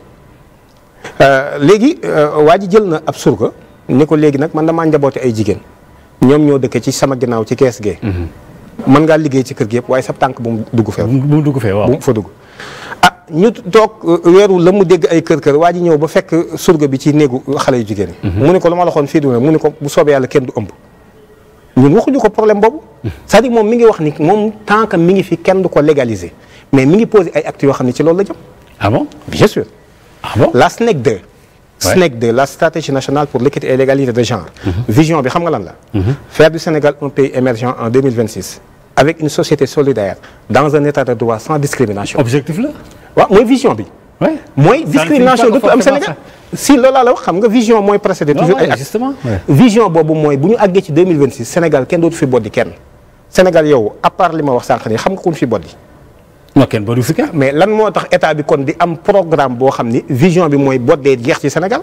[SPEAKER 2] Euh, léegi euh, waa ji jël na ab surga ni ko léegi nag man damaa njaboote ay jigéen ñoom ñoo dëkk ci sama ginnaaw ci kees gee. Mhm. mën ngaa liggéey ci kër gi yëpp waaye sa tànk bu mu dugg fee. bu mu dugg fee waaw bu mu fa dugg. ah ñu toog euh, weeru la mu dégg ay kër kër waa ji ñëw ba fekk surga bi ci néegu xale yu jigéen mhm. mu ne ko la waxoon fii du mu ne ko bu soobee yàlla kenn du ëmb ñun waxuñu ko problème boobu. c'est-à-dire moom mi ngi wax ni moom tant que mi ngi fi kenn du ko légaliser mais mi ngi poser ay actes yoo xam ne ci loolu la jëm. ah bon bien sûr. Ah la SNEC 2. la stratégie nationale pour l'équité et l'égalité de genre. Mmh. vision bi xam nga lan la. Mm-hmm. faire du Sénégal un pays émergent en 2026. avec une société solidaire dans un état de droit sans discrimination. objectif la. waaw mooy vision bi. oui mooy discrimination dafa am Sénégal si loolaa la wax xam nga vision mooy précédé toujours vision boobu mooy bu ñu àggee ci 2026 Sénégal kenn dootu fi boddi kenn Sénégal yow à part li ma wax sànq yi xam nga ku ñu fi boddi non kenn boddi fi mais lan moo tax état bi kon di am programme boo xam ni vision bi mooy boddee jeex ci Sénégal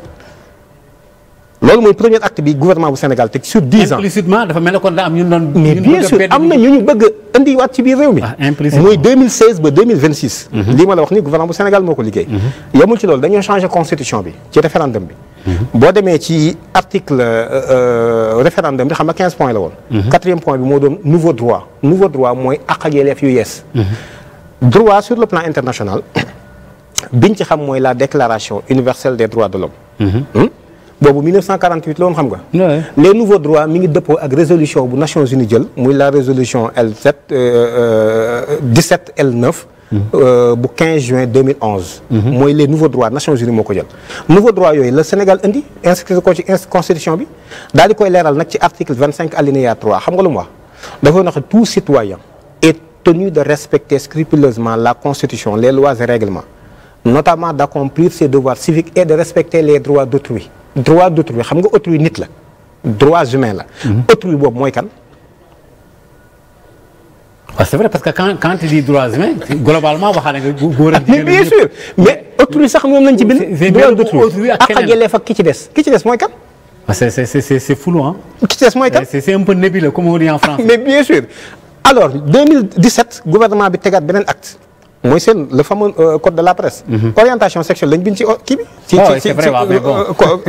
[SPEAKER 2] loolu mooy premier acte bi gouvernement bu Sénégal teg sur dix ans implicitement dafa mel am ñu doon. mais bien sûr am na ñu ñu bëgg a indiwaat ci biir réew mi. Ah, mooy 2016 ba 2026. Mhm. lii ma la wax ni gouvernement bu Sénégal moo ko liggéey. Mhm. yemul ci loolu dañoo changé constitution bi ci référendum bi. Mhm. boo demee ci article euh, euh, référendum bi xam nga 15 points la woon. quatrième point bi moo doon nouveau droit nouveau droit mooy àq ak yelleef yu yees. droit sur le plan international bi biñ ci xam mooy la déclaration universelle des droits de l'homme hmm? boobu 1948 la woon xam nga. les nouveaux droits mi ngi dëppoo ak résolution bu Nations Unies jël muy la résolution L7 17 L9. bu 15 juin 2011. Mhm. mooy les nouveaux droits Nations Unies moo ko jël. nouveaux droits yooyu la Sénégal indi inscrit ko ci constitution bi daal di koy leeral nag ci article 25 alinéa 3 xam nga lu mu wax dafa wax tout citoyen est tenu de respecter scrupuleusement la constitution les lois et règlements notamment d'accomplir ses devoirs civiques et de respecter les droits d'autrui droit d'autrui xam nga autrui nit la droits humains la. Mhm. autrui boobu mooy kan. waaw c'est vrai parce que quand quand tu dis droits humains globalement waxaale nga góor ak ah, jigéen bien mais autrui sax moom lañ ci bind. droit d'autrui ak ak ki ci des ki ci des mooy kan. c'est c'est c'est flou hein. ki ci des mooy kan eh, c'est un peu nébuleux comme on dit en français. mais bien bi tegaat beneen acte. mooy seen le fameux euh, code de la presse. Mhm. orientation sexuelle lañ bind ci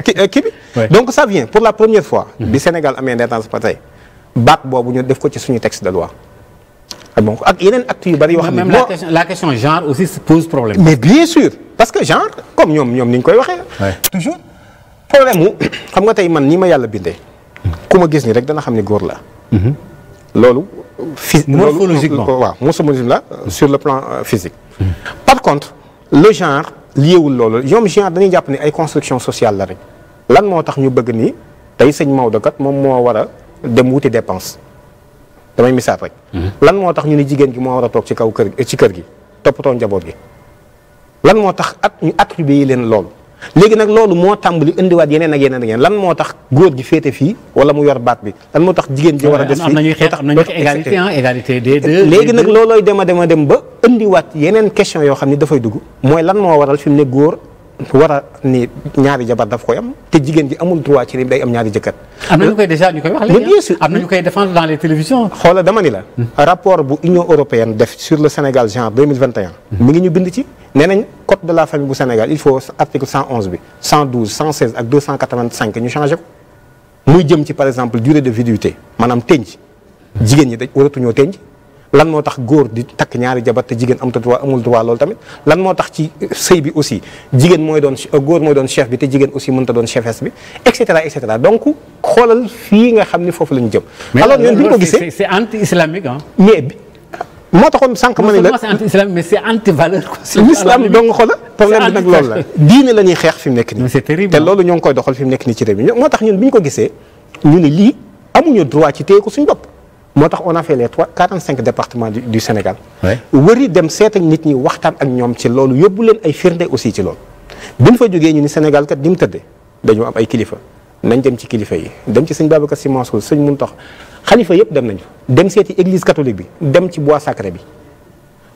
[SPEAKER 2] kii donc ça vient pour la première fois. Mhm. bi Sénégal amee indépendance ba tey baat boobu ñu def ko ci suñu texte de loi. Ah bon ak yeneen actes yu bari yoo xam ne même la question la question genre aussi se pose problème. mais bien sûr parce que genre comme ñoom ñoom ni ñu koy waxee. toujours problème mu xam nga tey man nii ma yàlla bindee. ku ma gis nii rek dana xam ni góor la mhm. loolu. phy morphologiquement loolu euh, waaw morphologiquement la euh, sur le plan euh, physique. par contre le genre liéwul loolu ñoom genre dañuy jàpp ni ay construction sociale la rek lan moo tax ñu bëgg nii tey sëñ Maodo kat moom moo war a dem wuti dépense damay misaal rek. Mhm. lan moo tax ñu ni jigéen gi moo war a toog ci kaw kër gi ci kër gi toppatoo njaboot gi lan moo tax at ñu attribué leen loolu. léegi nag loolu moo tàmbali indiwaat yeneen ak yeneen ak yeneen lan moo tax góor gi féete fii wala mu yor baat bi lan moo tax jigéen ji war a des fii am nañuy xeex am nañu égalité égalité léegi nag loolooy dem a dem a dem ba indiwaat yeneen question yoo xam ni dafay dugg mooy lan moo waral fi mu ne góor war a ni ñaari jabar daf koy am te jigéen ji amul droit ci ni day am ñaari jëkkat. am na ñu euh, koy déjà ñu koy wax. bien sûr am na ñu koy défendre dans les télévisions. xoola dama ni la. rapport bu Union européenne def sur le Sénégal genre 2021. ngi ñu bind ci nee nañ code de la famille bu Sénégal il faut article 111 bi 112 116 ak 285 ñu changé ko muy jëm ci par exemple durée de viduité maanaam tënj jigéen ñi dañ ñoo tënj. lan moo tax góor di takk ñaari jabar te jigéen am amul droit amul droit loolu tamit lan moo tax ci sëy bi aussi jigéen mooy doon góor mooy doon chef bi te jigéen aussi mënta doon chefesse et cetera et cetera donc xoolal fii nga xam la ñu jëm. alors ñun bi ñu ko gisee c'est anti islamique ah. mais moo taxoon sànq ma ne la problème bi nag loolu la. diine la xeex fi nekk nii. te loolu ñoo ngi koy doxal fi mu nekk nii ci réew mi moo tax ñun bi ñu ko gisee ñu ne lii amuñu droit ci téye ko suñu bopp moo tax on a fait les trois quarante cinq départements du, du Sénégal. wëri dem seet ak nit ñi waxtaan ak ñoom ci loolu yóbbu leen ay firnde aussi ci loolu. bi ñu fa jógee ñu ni Sénégal kat ni mu tëddee dañoo am ay kilifa nañ dem ci kilifa yi dem ci sëñ Babacar Sy Mansour sëñ Mountakha xalifa yëpp dem nañ fa dem seeti église catholique bi dem ci bois sacré bi.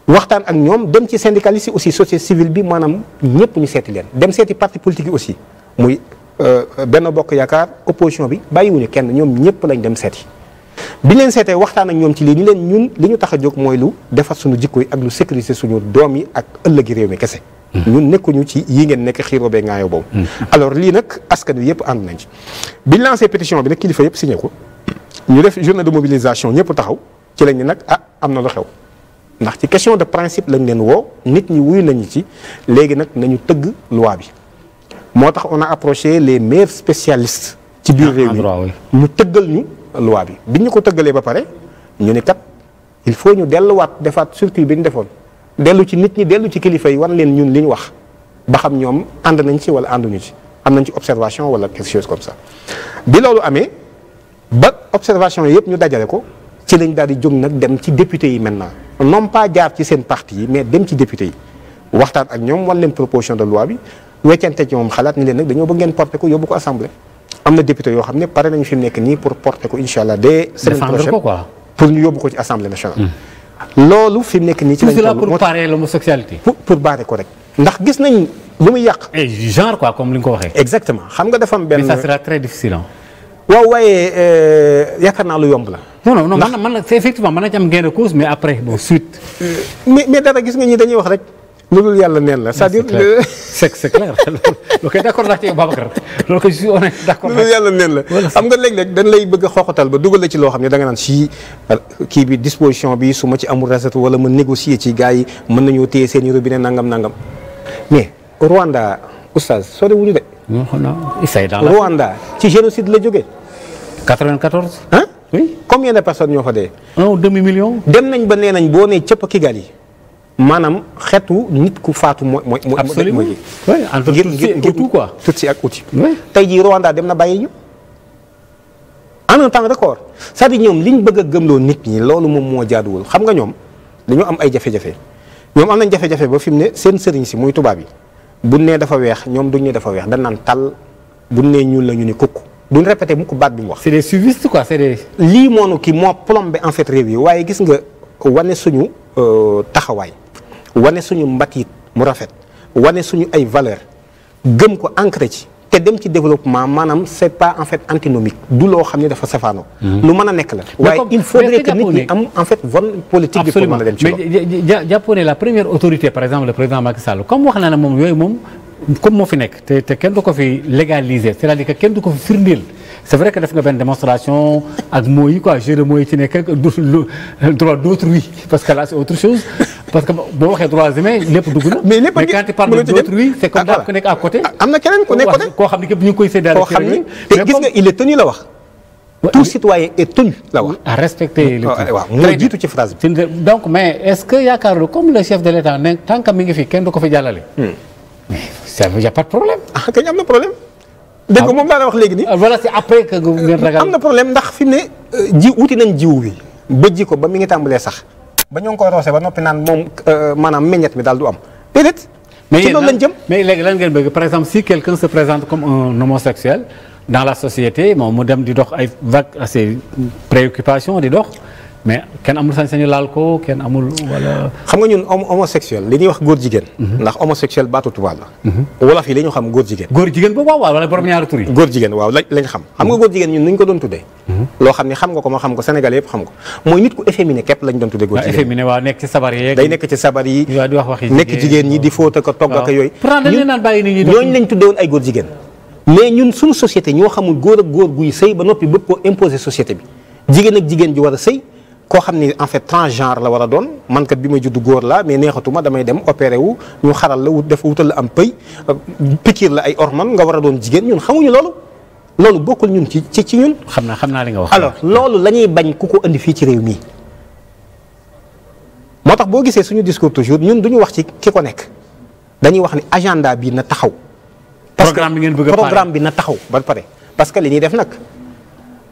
[SPEAKER 2] waxtaan ak ñoom dem ci syndicaliste yi aussi société civile bi maanaam ñëpp ñu seeti leen dem seeti parti politique aussi muy euh, Benno Bokk Yaakaar opposition bi bàyyiwuñu kenn ñoom ñëpp lañ dem seeti. bi leen seetee waxtaan ak ñoom ci lii ni leen ñun li ñu tax a jóg mooy lu defar suñu jikko yi ak lu sécuriser suñu doom yi ak ëllëgi réew mi kese hmm. ñun nekkuñu ci yi ngeen nekk xiiroobee ngaayo boobu hmm. alors lii nag askan wi yëpp ànd nañ ci biñ lancé pétition bi nag kilifa yëpp signé ko ñu def journée de mobilisation ñëpp taxaw ci lañ ne nag ah am na lu xew ndax ci question de principe lañ leen woo nit ñi wuyu nañu ci léegi nag nañu tëgg loi bi moo tax on a approché les meilleurs spécialistes ci biir ah, réew tëggal ñu loi bi bi ñu ko tëggalee ba pare ñu ni kat il faut ñu delluwaat defaat circuit bi ñu defoon dellu ci nit ñi dellu ci kilifa yi wan leen ñun li ñu wax ba xam ñoom ànd nañ ci wala ànduñu ci am nañ ci observation wala quelque chose comme ça bi loolu amee ba observation yëpp ñu dajale ko ci lañ daal di jóg nag dem ci député yi maintenant non pas jaar ci seen parti yi mais dem ci député yi waxtaan ak ñoom wan leen proposition de loi bi weccante ci moom xalaat ni leen nag dañoo am na député yoo xam ne pare nañu fi mu nekk nii pour porter ko incha allah dès prochaine pour ñu yóbbu ko ci assemblée hmm. loolu fi mu nekk nii ci lañ. toll pour parer l'homosexualité. pour pour ko rek ndax gis nañ lu muy yàq. Eh, genre quoi comme li nga ko waxee. exactement xam nga dafa am benn. mais ça sera très difficile waaw waaye euh, naa lu yomb la. non non man man effectivement mën na ci am gain de cause mais après bon suite. Euh, mais dara gis nga ñi dañuy wax rek. lu yàlla neen la c'est-à-dire ah, le c'est lu yàlla neen la xam nga léeg-léeg dañ lay bëgg a xooxatal ba dugal la ci loo xam ne danga nga naan si kii bi disposition bi su ma ci amul recette wala ma négocier ci gars yi mën nañoo téye seen yoro bi ne nangam nangam mais Rwanda oustaz sori wuñu de Rwanda ci génocide la jógee 94 ah oui combien de personnes ñoo fa dee un demi million dem nañ ba nee nañ boo nee cëpp yi maanaam xetu nit ku faatu mooy mooy mooy mooy ngir ngir tout quoi tutsi ak outil tey jii Rwanda dem na bàyyi ñu en un temps record cest à ñoom liñ bëgg a gëmloo nit ñi loolu moom moo jaaduwul xam nga ñoom dañoo am ay jafe-jafe ñoom am nañ jafe-jafe ba fi mu ne seen sëriñ si muy tubaab yi buñ nee dafa weex ñoom duñ ne dafa weex dañ naan tal bu nee ñuul la ñu ne kukk duñ répété mu ko baat bi mu wax. c'est des suivistes quoi c'est des. lii moonu kii moo plombé en fait réew yi waaye gis nga wane suñu euh, taxawaay wane suñu mbatit mu rafet wane suñu ay valeur gëm ko ancré ci te dem ci développement maanaam c'est pas en fait antinomique du loo xam ne dafa safaanoo. Mhm. lu mën a nekk la. waaye il faudrait que nit ñi en fait bonne politique. bi pour mën dem ci
[SPEAKER 1] mais jàpp ne la première autorité par exemple le président Macky Sall comme wax na ne moom yooyu moom comme moo fi nekk te kenn du ko fi légaliser c'est-à-dire que kenn du ko fi firndeel. c'est vrai que def nga benn démonstration ak mots yi quoi jeu de mots yi ci nekk droit d'autrui parce que là c'est autre chose parce que boo waxee droits humains mais lépp a mais quand tu parles d'autrui c'est comme daal ah,
[SPEAKER 2] ah. ku nekk à côté. Ah, am na keneen ku nekk côté koo xam ne képp ñu koy séddale. koo xam ne te gis nga il la wax. tout citoyen est tenu la wax. à respecter le waaw moo jiitu phrase donc
[SPEAKER 1] mais est-ce que yaakaarul comme le chef de l'État
[SPEAKER 2] dégg nga ah. moom laa wax léegi nii. Ah, voilà c'est après que ngeen ragal. am na problème ndax fi mu ne euh, ji wuti nañ jiw bi ba ji ko ba mu ngi tàmbalee sax ba ñoo ngi koy roose ba noppi naan moom euh, maanaam meññet mi daal du am déedéet. ci loolu lañ jëm mais léegi lan
[SPEAKER 1] ngeen bëgg par exemple si quelqu'un se présente comme un homosexuel dans la société moom mu dem di dox ay vagues assez préoccupation di dox. mais kenn amul sañ-sañu laal ko kenn amul
[SPEAKER 2] wala. xam nga ñun homosexuel li ñuy wax góor jigéen. Mhm. ndax homosexuel baatu tubaab la. Mhm. wolof yi li ñu xam góor jigéen. góor jigéen boobu waaw wala borom ñaari tur yi. góor jigéen waaw lañ lañ xam. xam nga mhm. góor jigéen ñun nuñ ko doon tuddee. loo xam ne xam nga ko ma xam ko Sénégal yëpp xam ko mooy nit ku efféminé képp lañ doon tuddee. góor jigéen waaw efféminé nekk ci sabar yi. nekk jigéen ñi di fóot ak a togg ak a yooyu. pourtant dañ leen naan bàyyi nit ñi ñooñu lañ tuddee woon ay góor jigéen mais ñun suñu société ñoo xamul góor ak ba noppi bëgg ko imposer société bi jigéen jigéen ji war a koo xam ni en fait transgenre la war a doon man bi ma judd góor la mais neexatuma damay dem opéré wu ñu xaral la wut def wutal la am pëy euh, pikiir la ay hormone nga war a doon jigéen ñun xamuñu loolu. loolu bokkul ñun ci ci ñun.
[SPEAKER 1] xam naa xam naa li nga
[SPEAKER 2] wax. alors loolu la ñuy bañ ku ko indi fii ci réew mi moo tax boo gisee suñu discours toujours ñun duñu wax ci ki ko nekk dañuy wax ni agenda bii na taxaw. parce programme bi ngeen bëgg a bi na taxaw ba pare parce que li ñuy def nag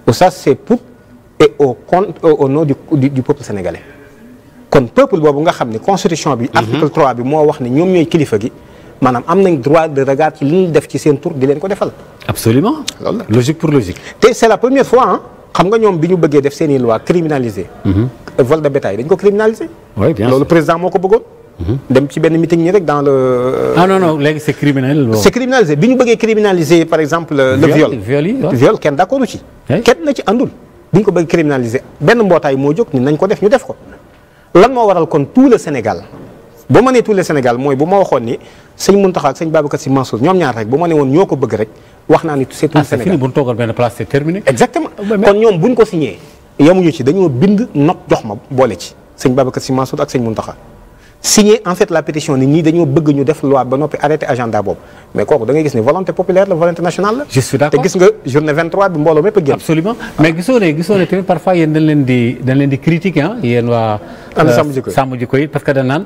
[SPEAKER 2] oustaz c'est pour. et au compte au nom du du peuple sénégalais kon peuple boobu nga xam ne constitution bi. Mhm. article 3 bi moo wax ne ñoom ñooy kilifa gi maanaam am nañ droit de regard ci li ñu def ci seen tur di leen ko defal. absolument logique pour logique. te c'est la première fois xam nga ñoom bi ñu bëggee def seen i loi criminalisé. Mhm. vol de bétail dañ ko criminalisé. loolu président moo ko bëggoon. Mhm. dem ci benn meeting ñi rek dans le. ah non non léegi c'est criminalisé bi ñu bëggee criminaliser par exemple. le ci. kenn dañ ko bëgg criminaliser benn mbootaay moo jóg ni nañ ko def ñu def ko lan moo waral kon tout le Sénégal bu ma nee tout le Sénégal mooy bu ma waxoon ni sëñ Mountakha ak sëñ Babacar Sy Mansour ñoom ñaar rek bu ma ne woon ñoo ko bëgg rek wax naa ni c'est tout le Sénégal ah c'est fini bu ñu exactement kon ñoom bu ñu ko signé yemuñu ci dañoo bind not jox ma boole ci sëñ Babacar Sy Mansour ak sëñ muntaxa signé en fait la pétition ni ñii dañoo bëgg ñu def loi ba noppi arrêté agenda boobu mais kooku da gis ni volonté populaire la volonté nationale la. je suis te gis nga journée bi mbooloo mépp a génn. absolument
[SPEAKER 1] mais gisoo ne gisoo ne tamit parfois yéen dañ leen di dañ leen waa. Euh, am sàmm parce que dañ naan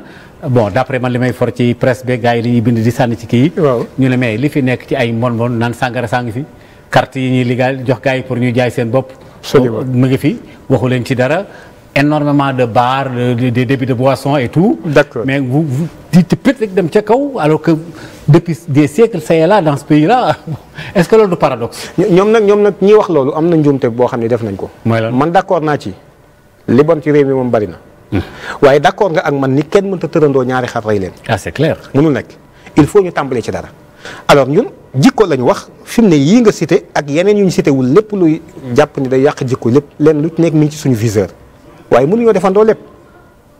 [SPEAKER 1] bon d'après man li may for ci presse bi gars yi dañuy bind di sànni ci kii yi. ñu ne mais li fi nekk ci ay mbon-mbon naan sàngara sang yi pour ñu jaay seen bopp. Oh, mu ngi fi waxu leen énormément de bars de des de débits de boissons et tout. d'accord mais vous vous rek dem ca kaw alors que depuis des siècles ça y est là dans ce pays est-ce que loolu du paradoxe.
[SPEAKER 2] ñoom nag ñoom nag ñi wax loolu am na njuumte boo xam ne def nañ ko. mooy lan man d'accord naa ci li bon ci réew mi moom bari na. Hmm. waaye d'accord nga ak man ni kenn mënta tërandoo ñaari xar rey leen. ah c'est clair. mënul nekk il faut ñu tàmbalee ci dara. alors ñun jikko lañu wax fi mu ne yii nga cité ak yeneen yu ñu cité wul lépp luy jàpp ni day yàq jikko lépp leen nekk mi ngi ci suñu viseur. waaye ñoo defandoo lépp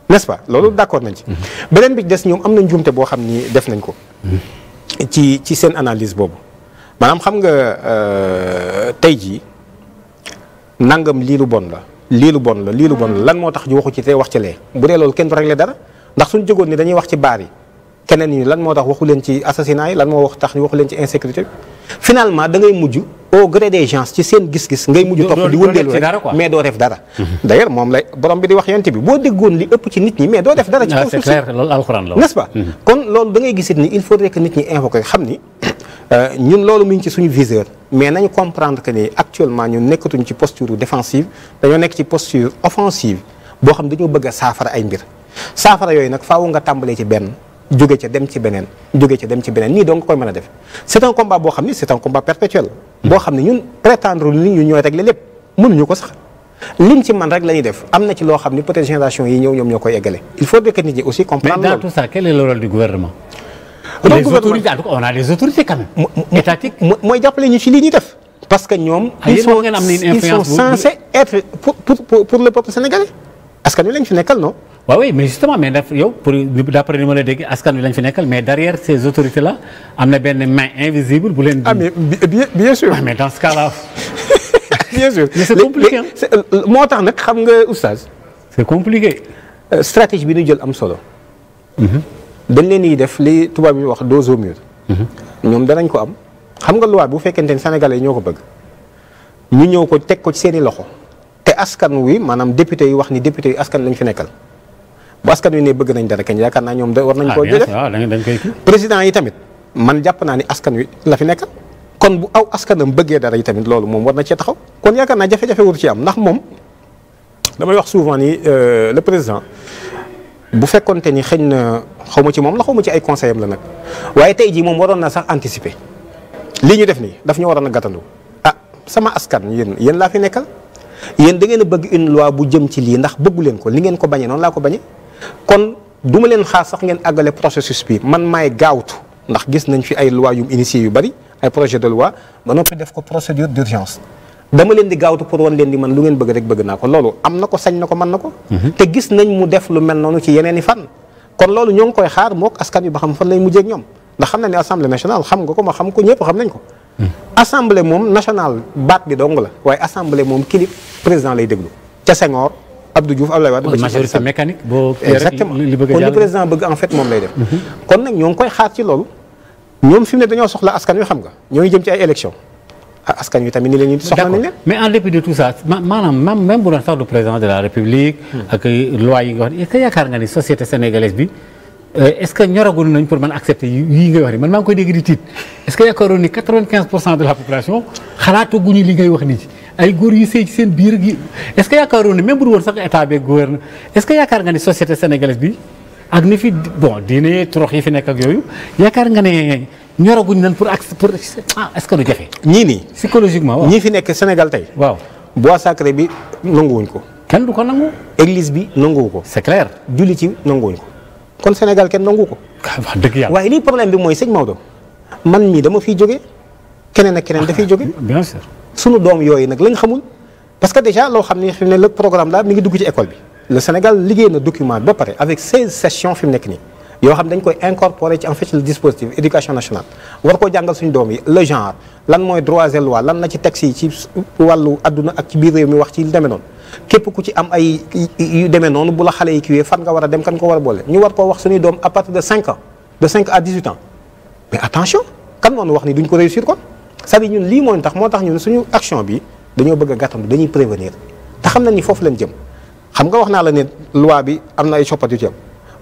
[SPEAKER 2] n'est-ce pas loolu d'accord nañ ci. beneen bi des ñoom am na njuumte boo xam ni def nañ ko. ci ci seen analyse boobu maanaam xam nga euh, tey jii nangam lii lu bon la lii lu bon la lii lan moo tax ñu waxu ci te wax ci lee bu dee loolu kenn du régler dara ndax suñ jógoon ni dañuy wax ci baar yi keneen ñi lan moo tax waxu leen ci assassinat yi lan moo wax tax ñu waxu leen ci insécurité finalement da ngay mujj. au gré des gens ci seen gis-gis ngay mujj topp di wëndeelu rek mais doo def dara d'ailleurs moom lay borom bi di wax yonent bi boo déggoon li ëpp ci nit ñi mais doo def dara ci ah, kaw suuf si loolu alxuraan la n'est-ce pas mm-hmm. kon loolu da ngay gisit ni il faudrait que xam ni euh, ñun loolu mu ngi ci suñu viseur mais nañu comprendre que ni actuellement ñun nekkatuñ ci posture défensive dañoo nekk ci posture offensive boo xam dañoo bëgg a saafara ay mbir saafara yooyu nag faaw nga tàmbalee ci benn jóge ca dem ci beneen jóge ca dem ci beneen nii donc koy mën a def c'est un boo xam ni c'est un combat perpétuel boo xam ne ñun prétendre ni ñu ñooy régler lépp mënuñu ko sax ñu ci man rek la ñuy def am na ci loo xam ni peut-être génération yi ñëw ñoom ñoo koy eggale il faut que nit ñi aussi comprendre mais
[SPEAKER 1] dans gouvernement
[SPEAKER 2] les autorités en tout cas on a les autorités quand même mooy jàppale ñu ci lii ñuy def parce que ñoom ah, ils sont ils sont être pour le peuple sénégalais parce que ñu lañ fi nekkal non waaw oui
[SPEAKER 1] mais justement mais daf yow pour d'après ni ma la dégg askan wi lañ fi nekkal mais derrière ces autorités la am na benn mais invisible bu leen. ah mais bien ah, bien sûr. mais dans ce
[SPEAKER 2] euh, moo tax nag xam nga oustaz. c'est compliqué. Euh, stratégie bi ñu jël am solo. Mhm. dañ leen di def li tubaab yi wax dos au mhm. ñoom danañ ko am xam nga loi bu fekkente ne sénégalais ñoo ko bëgg ñu ñëw ko teg ko ci seen i loxo te askan wi maanaam député yi wax ni député yi askan lañ fi nekkal. bu askan wi ne bëgg nañ dara kañ yaakaar naa ñoom war nañ ah, koo joxe ah, président yi tamit man jàpp naa ni askan wi la fi nekkal kon bu aw askanam bëggee dara yi tamit loolu moom war na cee taxaw kon yaakaar naa jafe-jafe wur ci am ndax moom damay wax souvent ni euh, le président bu fekkonte ni xëñ na xaw ma ci moom la xaw ma ci ay conseil am la nag waaye tey jii moom waroon na sax anticiper li ñu def nii daf ñu waroon a gàttandu ah sama askan yéen yéen laa fi nekkal yéen da ngeen a bëgg une loi bu jëm ci lii ndax bëggu leen ko li ngeen ko bañee laa ko bañee kon du ma leen xaar sax ngeen àggale processus bi man maay gaawtu ndax gis nañ fi ay loi yum initié yu bari ay projet de loi ba noppi def ko procédure d'urgence dama leen di gaawtu pour wan leen di man lu ngeen bëgg rek bëgg naa ko loolu am na ko sañ na ko mën na ko mhm. te gis nañ mu def lu mel noonu ci yeneen i fan kon loolu ñoo ngi koy xaar moo askan wi ba xam fan lay mujjee ak ñoom ndax xam na ne assemblée nationale xam nga ko ma xam ko ñëpp xam nañ ko mhm. assemblée moom nationale baat bi dong la waaye assemblée moom kilif président lay déglu ca Abdou Diouf Abdoulaye Wade. Oh, ba ci majorité
[SPEAKER 1] mécanique boo. kon li président
[SPEAKER 2] bëgg en moom lay def. kon nag ñoo ngi koy xaar ci loolu. ñoom fi ne dañoo soxla askan wi xam nga ñoo ngi jëm ci ay élections ah, askan wi tamit ni la ñuy soxla nañ mais en dépit de
[SPEAKER 1] tout ça maanaam même même bu doon sax du président de la république. Hmm. ak loi yi nga wax est-ce yaakaar nga ni société sénégalaise bi. Euh, est-ce que ñoragul pour mën accepter yii ngay wax ni man maa koy dégg di ay góor yu sëy ci seen biir gi est-ce que yaakaaroon ne même bu woon sax état beeg gouverneur est-ce que yaakaar nga ne société sénégalaise bi ak ni fi bon diine torox yi fi nekk ak yooyu yaakaar nga ne ñoraguñ
[SPEAKER 2] nañ pour accès pour ah est-ce que du jafe. ñii nii psychologiquement waaw ñii fi nekk Sénégal tey. waaw bois sacré bi nanguwuñ ko. kenn du ko nangu. église bi nanguwu ko. c'est clair julli ci nanguwuñ ko. kon Sénégal kenn nangu ko. wax dëgg yàlla waaye lii problème bi mooy sëñ Maodo man mii dama fiy jóge keneen ak keneen dafiy jóge ah, sunu doom yooyu nag lañ xamul parce que déjà loo xam ne fi mu ne le programme daal mi ngi dugg ci école bi le Sénégal liggéey na document bi ba pare avec seize sessions fi mu nekk nii yoo xam dañ koy incorporer ci en fait le dispositif éducation nationale war koo jàngal suñu doom yi le genre lan mooy droits et lois lan la ci texte yi ci wàllu adduna ak ci biir réew mi wax ci lu demee noonu képp ku ci am ay yu demee noonu bu la xale yi kiiwee fan nga war a dem kan ko war a boole ñu koo wax suñuy doom à partir de cinq ans de cinq à wax ni duñ ko réussir kon cest à ñun lii moo tax moo tax ñun suñu action bi dañoo bëgg a gàttandu dañuy prévenir te xam na ni foofu lañ jëm xam nga wax naa la ne loi bi am na ay coppat yu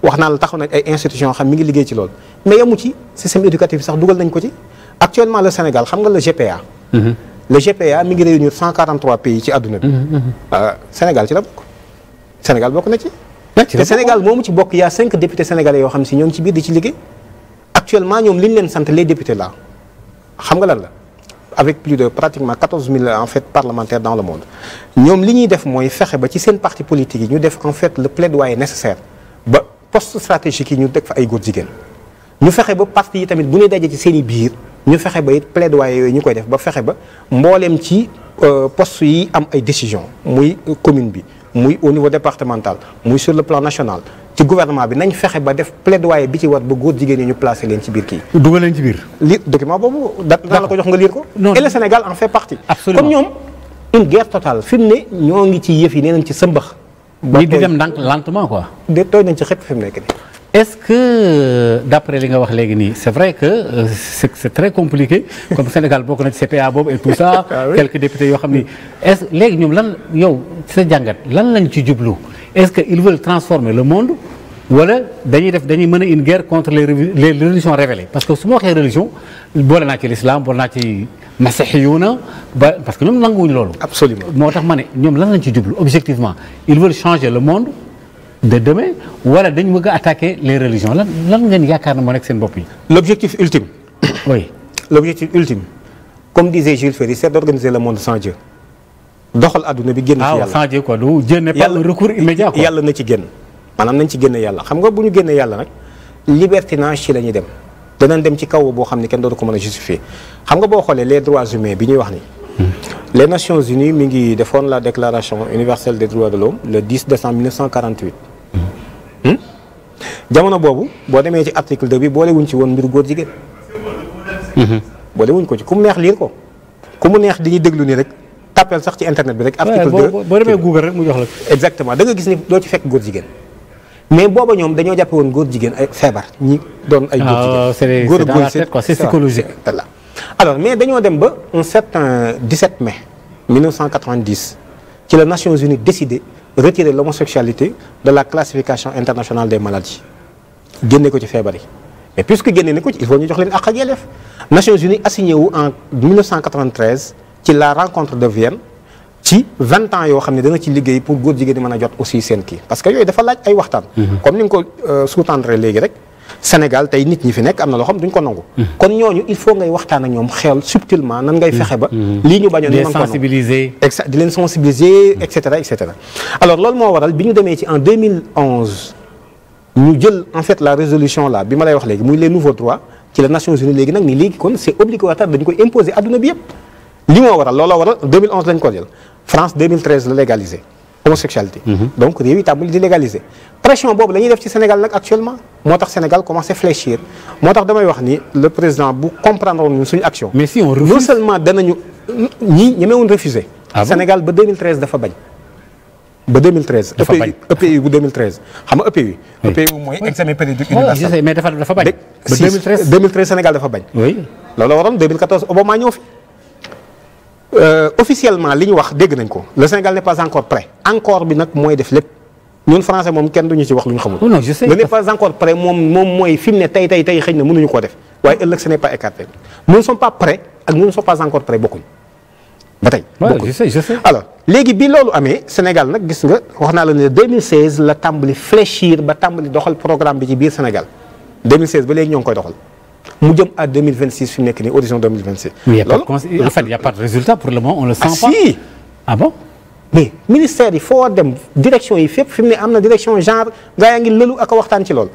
[SPEAKER 2] wax naa la taxaw nañ ay institution xam mi ngi liggéey ci loolu mais yamu ci système éducatif bi sax dugal ko ci actuellement le Sénégal xam nga la GPA
[SPEAKER 3] le
[SPEAKER 2] GPA mm-hmm. mi ngi réunir 143 pays ci àdduna bi mm-hmm, mm-hmm. Ah, Sénégal ci la bokk Sénégal bokk na ci te Sénégal moomu ci bokk yaa cinq députés sénégalais yoo xam si ñoo ngi ci biir di ci liggéey actuellement ñoom li ñu leen sant les députés là xam nga lan la avec plus de pratiquement 14 000 en fait parlementaires dans le monde ñoom li ñuy def mooy fexe ba ci seen parti politique yi ñu def en fait le plaidoyer nécessaire ba poste stratégique yi ñu def fa ay góor jigéen ñu fexe ba parti yi tamit bu ñuy dajee ci seen i biir ñu fexe ba it plaidoyer yooyu ñu koy def ba fexe ba mbooleem ci euh, post yi am ay décision muy euh, commune bi muy au niveau départemental muy sur le plan national ci gouvernement bi nañ fexe ba def waaye bi ci war ba góor jigéen ñi ñu placé leen ci biir kii.
[SPEAKER 1] dugal leen ci biir.
[SPEAKER 2] li document boobu da la ko jox nga lire ko. et le Sénégal en fait partie. absolument ñoom une guerre totale fi mu ne ñoo ngi ci yëf yi nee nañ ci sëmbax. ba di dem
[SPEAKER 1] ndànk lentement quoi. de tooy nañ ci xet fi mu nekk nii. est-ce que d'après li nga wax léegi nii c'est vrai que euh, c'est c'est très compliqué comme Sénégal bokk na ci CPA boobu et tout ça ah quelques députés yoo xam ni léegi ñoom lan yow sa jàngat lan lañu ci jublu est-ce que ils veulent transformer le monde wala dañuy def dañuy mën a une guerre contre les les religions révélées parce que su ma waxee religion boole naa ci l'islam boole naa ci masihiyuuna ba parce que ñoom nanguwuñu loolu absolument moo tax ma ne ñoom lan lañ ci jublu objectivement ils veulent le monde de demain wala dañ bëgg a attaquer les religions lan lan ngeen yaakaar na moo nekk seen bopp yi.
[SPEAKER 2] l'objectif ultime. oui l'objectif ultime comme disait Jules Ferry c'est d'organiser le monde sans doxal adduna bi génn ci ah, yàlla sans Dieu quoi du Dieu n'est pas le recours na ci génn maanaam nañ ci génn yàlla xam nga bu ñu génnee yàlla nag libertinage ci la ñuy dem danañ dem ci kaw boo xam ne kenn dootu ko mën a justifier xam nga boo xoolee les droits humains bi ñuy wax ni hmm. les Nations Unies mi ngi defoon la déclaration universelle des jamono boobu boo demee ci article 2 bi boolewuñ ci woon mbir góor jigéen. Mhm. boolewuñ ko ci ku mu neex liir ko ku mu neex di dañuy déglu ni rek tàppeel sax ci internet bi rek. article 2 boo demee Google rek mu jox la exactement da nga gis ni loo ci fekk góor jigéen. mais booba ñoom dañoo jàppe woon góor jigéen ay feebar ñi doon ay góor jigéen góor ah, góor c'est quoi c'est psychologique mais dañoo dem ba un certain 17 mai 1990 ci la Nations Unies décidé retirer l'homosexualité de la classification internationale de maladies génne ko ci feebar yi mais puisque génne na ko ci il faut ñu jox leen ak ak yelleef Nations Unies assigné wu en ci la rencontre de Vienne ci 20 ans yoo xam ne dana ci liggéey pour góor jigéen ñi a jot aussi seen kii parce que yooyu dafa laaj ay waxtaan. Mm-hmm. comme ni nga ko euh, sous-tendre léegi rek. Sénégal tey nit ñi fi nekk am na loo xam duñ ko nangu. Mm-hmm. kon ñooñu il faut ngay waxtaan a ñoom xel subtilement nan ngay fexe ba. Mm-hmm. lii ñu bañoon ñu mën leen sensibiliser et cetera et cetera alors loolu moo waral bi ñu demee ci en 2011 ñu jël en fait la résolution la bi ma lay wax léegi muy les nouveaux droits ci les Nations Unies léegi nag ni léegi kon c' est obligatoire dañu koy imposer adduna bi yëpp. li moo waral looloo waral 2011 lañ ko jël France 2013 la légalisé homosexualité. Mm-hmm. donc réew yi tàmbali di légaliser pression boobu la ñuy def ci Sénégal nag actuellement moo tax Sénégal commencé fléchir moo tax damay wax ni le président bu comprendre woon suñu action. mais si on refuse non seulement danañu ñi ñemewuñ refuser. Ah Sénégal ba 2013 dafa bañ. ba 2013. dafa e bañ EPI bu 2013 xam nga EPI. EPI mooy examen périodique universel mais dafa dafa bañ. ba 2013 2013 Sénégal dafa bañ. oui loolu la waroon 2014 Obama ñëw fi. Euh, officiellement li ñu wax dégg nañ ko le Sénégal n'est pas encore prêt encore bi nag mooy def lépp. ñun français moom kenn duñu ci wax lu ñu xamul. Oh non je sais le n'est pas encore prêt moom moom mooy fi mu ne tey tey tey xëy na mënuñu koo def waaye ëllëg ce gis nga wax naa la ne 2016 la tàmbali fléchir ba tàmbali doxal programme bi ci biir Sénégal 2016 ba léegi ñoo ngi koy doxal. mu jëm à 2026 fi mu nekk nii horizon loolu en fait
[SPEAKER 1] de résultat pour le moment on le sent ah, pas.
[SPEAKER 2] ah bon. mais ministère yi foo dem direction yi fépp fi mu ne am na direction genre gaa yaa ngi lëlu ak a waxtaan ci loolu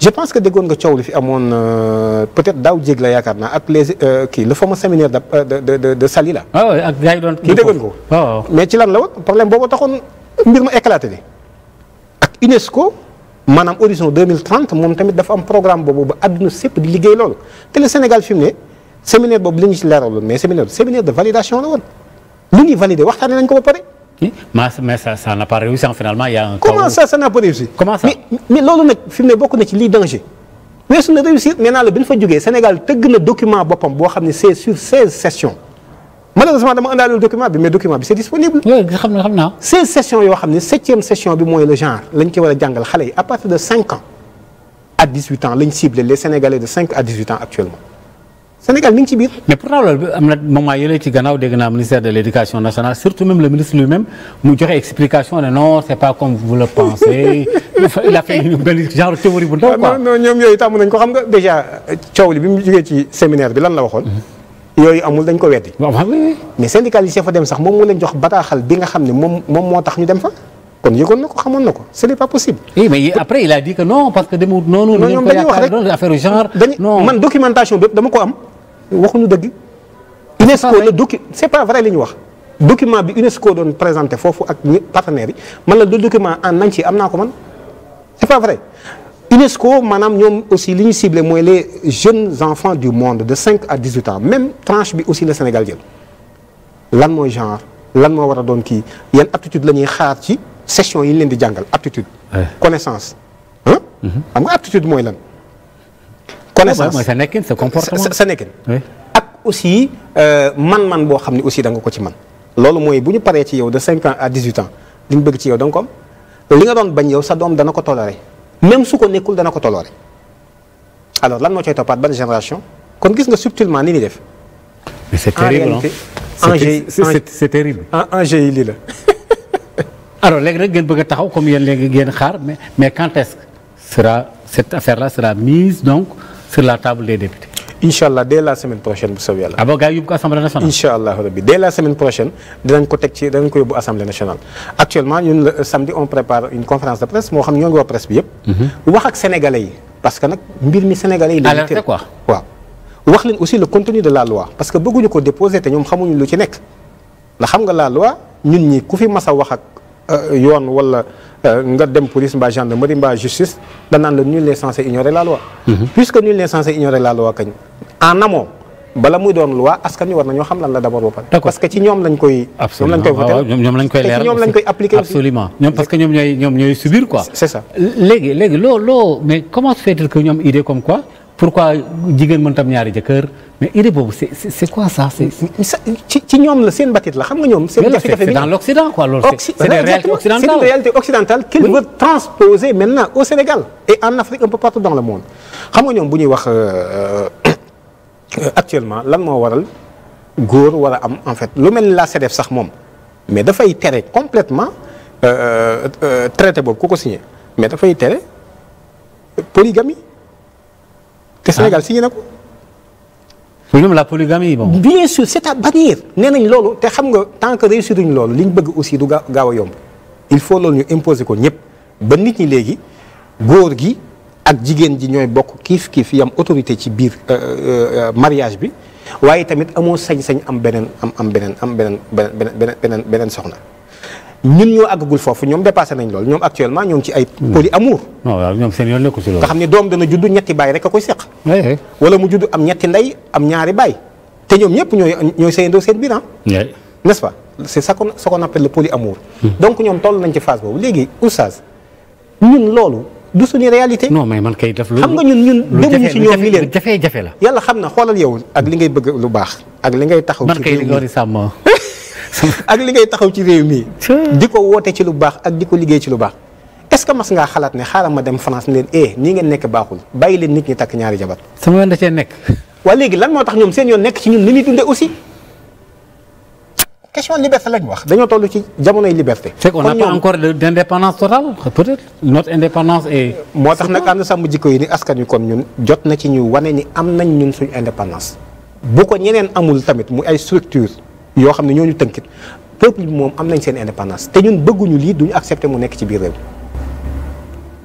[SPEAKER 2] je pense que déggoon nga coow lu fi amoon euh, peut-être daaw jéeg la yaakaar naa ak les euh, kii le fameux séminaire de euh, de de de Sali la. waaw ah déggoon ko. Ah mais ci lan la woon problème boobu taxoon mbir ma éclaté ni ak UNESCO maanaam horizon 2030 moom tamit dafa am programme boobu ba àdduna sépp di liggéey loolu te le Sénégal fi mu ne séminaire boobu li ñu ci leeraloon mais la woon lu ñuy validé waxtaanee ko ba pare.
[SPEAKER 1] mais ça ça n'a pas réussi finalement il y comment
[SPEAKER 2] ça ça n'a pas réussi comment ça mais mais loolu nag fi ne bokk na ci lii danger mais na réussir nee naa la bi fa jógee Sénégal tëgg na document boppam boo xam ne c'est sur seize sessions malheureusement dama àndaale document bi mais document bi c'est disponible. seize sessions yoo xam ne septième session bi mooy le genre lañ ci war a jàngal xale yi à partir de cinq ans à dix huit ans lañ ciblé les Sénégalais de cinq à dix huit ans actuellement. Sénégal mi ngi ci biir.
[SPEAKER 1] mais pourtant loolu am na moment yële ci gannaaw dégg naa ministère de l' nationale surtout même le ministre lui-même mu joxe explication ne non c' pas comme vous le pensez. a fait benn
[SPEAKER 2] genre théorie bu ndaw lan la waxoon. Mhm. yooyu amul dañ ko weddi. mais syndicat xam ne moom moom moo tax ñu dem fa. kon yëgoon na ko ko a noonu. man documentation bi dama ko am. waxuñu dëgg. UNESCO la docu c' est pas vrai li wax. document bi UNESCO doon présenté foofu ak ñi partenaires yi man la du document en entier am naa ko man c' est pas vrai. UNESCO maanaam ñoom aussi li ñu ciblé mooy les jeunes enfants du monde de 5 à 18 ans même tranche bi aussi la Sénégal jël lan mooy genre lan moo war a doon kii yan aptitude la ñuy xaar ci session yi leen di jàngal aptitude. connaissance ah. xam nga aptitude mooy lan. connaissance mooy sa nekkin sa comportement sa nekkin ak aussi euh, man-man boo xam ne aussi da nga ko ci man loolu mooy bu ñu paree ci yow de 5 à 18 ans li ñu bëgg ci yow da nga li nga doon bañ yow sa doom dana ko toléré même su ko nekkul dana ko toléré alors lan moo cay toppaat ban génération kon gis nga subtilement ni ñuy def. mais c'est terrible en réalité enjeu c'est terrible. Ah, enjeu la.
[SPEAKER 1] alors léegi nag ngeen bëgg taxaw comme yéen léegi ngeen xaar mais mais quand est-ce que sera cette affaire là sera mise donc. sur la table des députés. incha allah dès la semaine
[SPEAKER 2] prochaine bu soobee yàlla. ah ba gars yóbbu ko assemblée nationale. incha allah rabbi dès la semaine prochaine dinañ ko teg ci dinañ ko yóbbu assemblée nationale. actuellement ñun on prépare une conférence de presse moo xam ñoo ngi woo presse bi yëpp. Mhm. wax ak sénégalais yi parce que nag mbir mi sénégalais yi. lañu teel waaw. wax leen aussi le contenu de la loi parce que bëgguñu ko déposer te ñoom xamuñu lu ci nekk ndax xam nga la loi ñi ku fi mas a wax ak Euh, yoon wala euh, nga dem police mbaa gendarmerie mbaa justice danaan la nul n'est censé ignorer mhm. puisque nul n'est censé ignorer kañ en bala muy doon loi askan wi war ñoo xam lan la d'abord ba pare. ci ñoom lañ koy. ñoom
[SPEAKER 1] lañ koy leer absolument ah, parce que ñoom ñooy subir quoi. c'est ça léegi loo loo mais comment se fait-il que ñoom idée comme quoi. pourquoi jigéen mënut am ñaari jëkkër mais
[SPEAKER 2] idée boobu c'est c'est quoi ça c'est ci ci ñoom la seen batit la xam nga ñoom seen jafe-jafe bi dans
[SPEAKER 1] l'Occident quoi loolu c'est une
[SPEAKER 2] réalité occidentale qu'ils veulent transposer maintenant au Sénégal et en Afrique un peu partout dans le monde xam nga ñoom bu ñuy wax euh, euh, actuellement lan moo waral góor war am en fait lu mel ni la CEDEF sax moom mais dafay tere complètement euh, traité boobu ku ko signé mais dafay tere polygamie Ah. te Sénégal signé na ko. pour la polygamie bon. bien sûr c' est à bannir nee loolu te xam nga tant que réussir ñu loolu liñ bëgg aussi du gaaw a yomb il faut loolu ñu imposer ko ñëpp ba nit ñi léegi góor gi ak jigéen ji ñooy bokk kiif kiif yi am autorité ci biir euh, euh, euh, mariage bi waaye tamit amoo sañ-sañ am beneen am am beneen am beneen beneen beneen beneen soxna. ñun ñoo àggagul foofu ñoom dépassé nañ loolu ñoom actuellement ñoo ngi ci ay polyamour ñoom
[SPEAKER 1] seen yoon nekku ci nga xam
[SPEAKER 2] ne doom dana judd ñetti baay rek a koy seq wala mu judd am ñetti ndey am ñaari baay te ñoom ñëpp ñooy ñooy sëyandoo seen biir ah. n'est-ce pas c'est ça qu'on ça qu'on appelle le polyamour hmm. donc ñoom toll nañ ci phase boobu léegi oustaz ñun loolu du suñu réalité. non mais man kay def lu xam nga ñun ñun demuñu si leen jafe-jafe la. yàlla xam na xoolal yow ak li ngay bëgg lu baax. ak li ngay taxaw ci man kay sàmm ak li ngay taxaw ci réew mi. di ko woote ci lu baax ak di ko liggéey ci lu baax. est-ce que mas ngaa xalaat ne xaaral ma dem France ne leen eh nii ngeen nekk baaxul bàyyi leen nit ñi takk ñaari jabar. sama yoon da cee nekk. waa léegi lan moo tax ñoom seen yoon nekk ci ñun ni ñuy dundee aussi. question liberté lañ wax dañoo tollu ci jamonoy liberté. fekk on n'a pas encore d'indépendance totale peut-être notre indépendance moo tax nag ànd sàmm jikko yi ni askan wi kon ñun jot na ci ñu wane ni am nañ ñun suñu indépendance. bu ko ñeneen amul tamit mu ay structure yoo xam ne ñooñu tënkit peuple bi moom am nañ seen indépendance te ñun bëgguñu lii duñu accepter mu nekk ci biir réew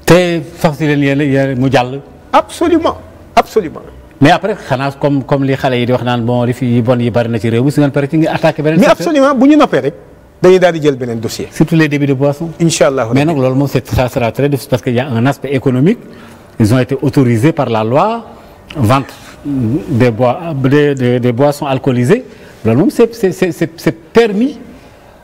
[SPEAKER 2] te sax si leen yéen mu jàll absolument absolument mais après xanaa comme comme li xale
[SPEAKER 1] yi di wax naan bon li fi bon yi bari na ci réew mi su ngeen pare ci nga attaqué beneen mais absolument bu ñu noppee rek dañuy daal di jël beneen dossier surtout les débits de boissons incha allah mais moom c'est ça sera très difficile parce a un par la loi vente des bois des, des, des boissons alcoolisées loolu moom c'est c'est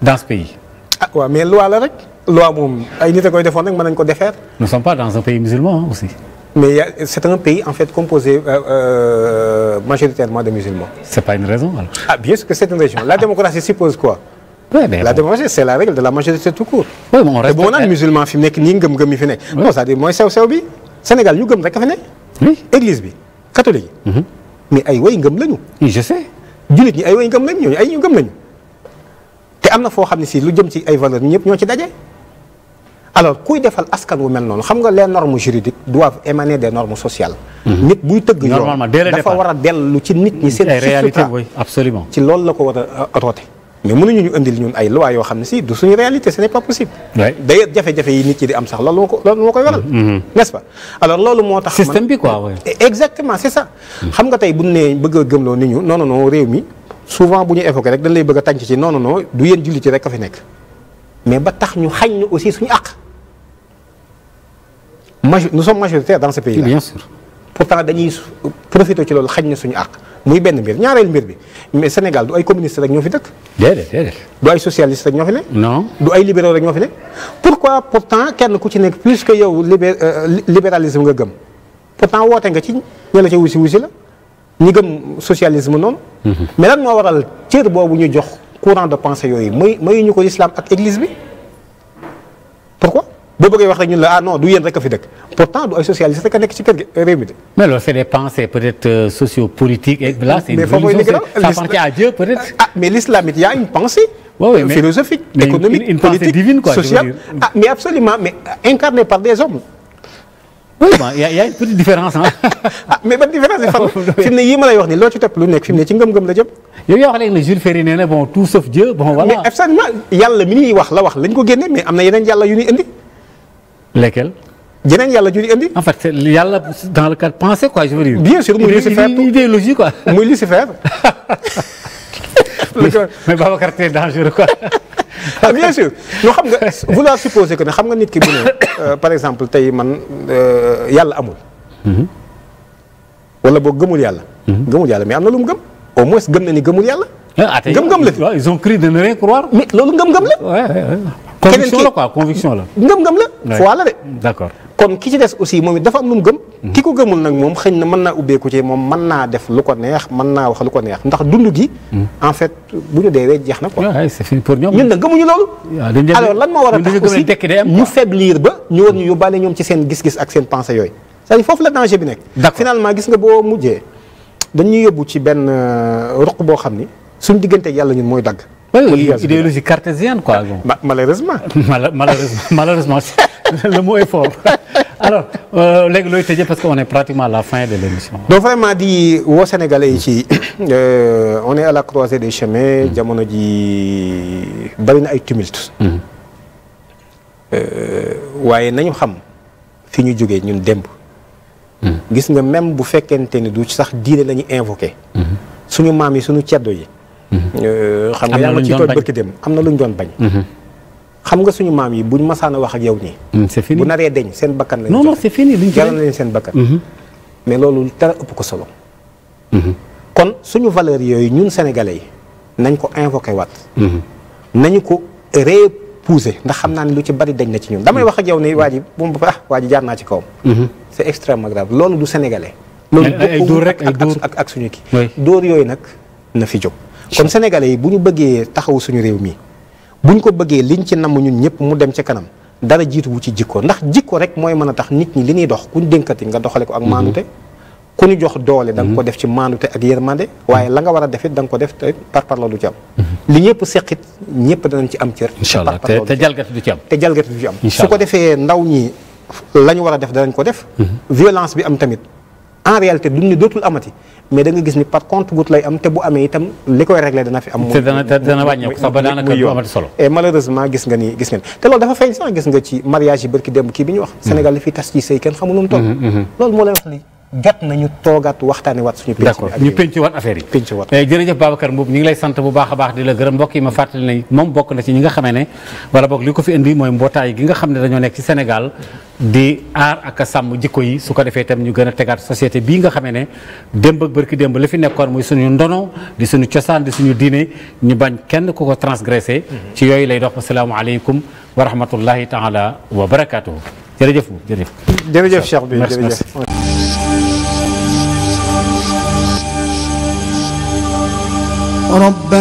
[SPEAKER 1] dans ce pays.
[SPEAKER 2] ah mais loi la rek. loi moom ay nit a koy defoon rek mën nañu ko défaire. nous sommes pas dans un pays musulman aussi. mais y' a, c'est un pays en fait composé euh, euh, majoritairement de musulmans. c'est pas une raison ah bien sûr que c'est une raison la démocratie suppose quoi. la démocratie c'est la règle de la majorité tout court. oui mais on respecte musulman fi mu nekk nii ngëm-ngëm yi non c'est-à-dire mooy sew sew bi Sénégal ñu gëm rek a fi nekk. oui église jullit ñi ay way gëm lañ ñooñu ay ñu gëm lañu te am na foo xam ne si lu jëm ci ay valeur ñëpp ñoo ci daje alors kuy defal askan wu mel noonu xam nga les normes juridiques doivent émaner des norme sociales. Mhm. nit buy tëgg yoon dafa war a dellu ci nit ñi seen. ay réalité absolument ci loolu la ko war a rote euh, mais mënuñu ñu indil ñun ay loi yoo xam ne si du suñu réalité ce n'est pas possible. waay d'ailleurs jafe-jafe yi nit ñi di am sax loolu moo ko loolu moo koy waral. Mm-hmm. n'est-ce pas alors loolu moo tax. système bi quoi waaw. Eh, exactement c'est ça. Mm. xam nga tey bu ñu nee bëgg a gëmloo nit ñu non non non réew mi souvent bu ñu évoqué rek dañ lay bëgg a tànc ci non non non du yéen jullit yi rek ka fi nekk mais ba tax ñu xañ na aussi suñu àq. maj nous sommes majoritaires dans ce pays là. bien sûr pourtant dañuy ci loolu xañ na suñu àq. muy benn mbir ñaareel mbir bi mais Sénégal du ay communiste rek ñoo fi dëkk. déedéet déedéet. du ay socialiste rek ñoo fi ne. du ay libéraux rek ñoo fi quoi pour pourtant kenn ku ci nekk plus que yow libé euh, libéralisme nga gëm temps wootee nga ci ña la ca wusi wusi la ñi gëm socialisme noonu. Mhm. mais lan moo waral cër boobu ñu jox courant de pensée yooyu may ñu ko islam ak église bi pourquoi. boo bëggee wax rek ñun la ah du yéen rek a pourtant du ay socialiste rek a nekk ci kër gi euh, réew de.
[SPEAKER 1] mais loolu c'est des pensées peut-être euh, sociopolitiques et là c'est une religion
[SPEAKER 2] ah, y a une pensée. waaw oui, philosophique économique politique divine, quoi, sociale ah, mais absolument euh, incarnée par des hommes. oui ne yii ma lay wax ni loo ci topp lu nekk fi mu ne ci ngëm-ngëm la jëm. yow yaa wax Jules Ferry nee na bon tout sauf Dieu bon absolument yàlla mi ñuy wax la wax lañ ko génne mais am na yeneen lesquels yeneen yàlla ju ñu indi. en fait yàlla dans le cadre pensée quoi je veux dire. bien sûr muy Lucifer idéologie quoi. muy Lucifer. mais Babacar c'est dangereux quoi. ah bien sûr loo xam nga vouloir supposer que ne xam nga nit ki bu euh, par exemple tey man euh, yàlla amul. Mhm. wala boo gëmul yàlla. Mhm. gëmul yàlla mais am na lu mu gëm au moins gëm na ni gëmul yàlla. Ah, ah, gëm-gëm la fi ils ont cru de ne rien croire. mais loolu gëm-gëm la. keneen ki conviction la quoi conviction la. ngëm-ngëm la. foi la de. kon ki ci des aussi moom it dafa am lu mu gëm. Mhm. ki ko gëmul nag moom xëy na mën naa ubbeeku ci moom mën naa def lu ko neex mën naa wax lu ko neex ndax dund gi. Mhm. en fait bu ñu dee deewee jeex na quoi. waaw c'est fini pour ñoom. ñun nag gëmuñu loolu. Ah, alors lan moo war a tax aussi ñu faiblir ba ñu war ñu yóbbaale ñoom ci seen gis-gis ak seen pensée yooyu c'est-à-dire foofu la danger bi nekk. d'accord finalement gis nga boo mujjee dañuy yóbbu ci benn euh, ruq boo xam ni suñu diggante yàlla ñun mooy dagg idéologie cartésienne quoi. Ah, ma malheureusement. Mal malheureusement malheureusement le mot est fort alors
[SPEAKER 1] euh, léegi looy tëjee parce que on est pratiquement la fin de l'émission.
[SPEAKER 2] donc vraiment di woo Sénégalais yi ci euh, on est à la croisée des chemins. Mm. jamono ji bari ay tumulte. Mm. Euh, waaye nañu xam fi ñu jógee ñun démb. Mm. gis nga même bu fekkente ni du sax diine la ñu invoqué. Mm-hmm. suñu maam yi suñu ceddo yi. Mm-hmm. Euh, xam nga yaa ngi ci toog bëkki dem am na lu ñu doon bañ mm-hmm. xam nga suñu maam yi buñ masaan a wax ak yow nii mm, c'est fini bu naree deñ seen bakkan lañ non non c'est fini seen bakkan mm-hmm. mais loolu dara ëpp ko solo kon suñu valeurs yooyu ñun sénégalais yi nañ ko invoqué waat nañu ko repousser ndax xam naa ne lu ci bari dañ na ci ñun damay wax ak yow ne waa ji moom ah waa ji jaar naa ci kawam c'est extrêmement grave loolu du sénégalais loolu du rek ak ak suñu kii dóor yooyu nag na fi jóg kon sénégalais yi bu ñu bëggee taxaw suñu réew mi bu ñu ko bëggee liñ ci namm ñun ñëpp mu dem ci kanam dara jiitu wu ci jikko ndax jikko rek mooy mën a tax nit ñi li ñuy dox kuñ dénkati nga doxale ko ak mhm. maanute ku ñu jox doole da nga mhm. ko def ci maanute ak yërmande waaye la nga war a def it da nga ko def te par par la du ci am mhm. li ñëpp seqit ñëpp danañ ci am cër incha allah te jalgati du ci am te jalgati du ci am su ko defee ndaw ñi la ñu war a def danañ ko def violence bi am tamit en réalité dootul amati mais da gis ni par contre goutte lay am te bu amee itam li koy réglé dana fi am. te dana dana wàññeeku sax ba daanaka du amati solo. et malheureusement gis nga ni gis nga ni te loolu dafa feeñ sax gis nga ci mariage yi barki démb kii bi ñu wax. Sénégal li fi tas ci kenn xamu nu mu toll. Mhm, mhm. moo lay wax lii. jot nañu toogaat waxtaane waat suñu. d'accord ñu penc yi. penc waat
[SPEAKER 1] eh, jërëjëf Babacar Mboup ñu ngi lay sant bu baax a baax di la gërëm mbokk yi ma fàttali ne nga xamee ne wala fi indi mooy mbootaay gi nga xam ne dañoo nekk ci Sénégal di aar ak sàmm jikko yi su ko defee itam ñu gën a tegaat société bii nga xamee ne démb ak bërki démb la fi nekkoon muy suñu ndono di suñu cosaan di suñu diine ñu bañ kenn ku ko transgressé. Mm-hmm. ci yooyu lay dox asalaamaaleykum wa rahmatullahi taala wa barakaatuhu jërëjëf jërëjëf jërëjëf Cheikh bi jërëjëf
[SPEAKER 3] ربنا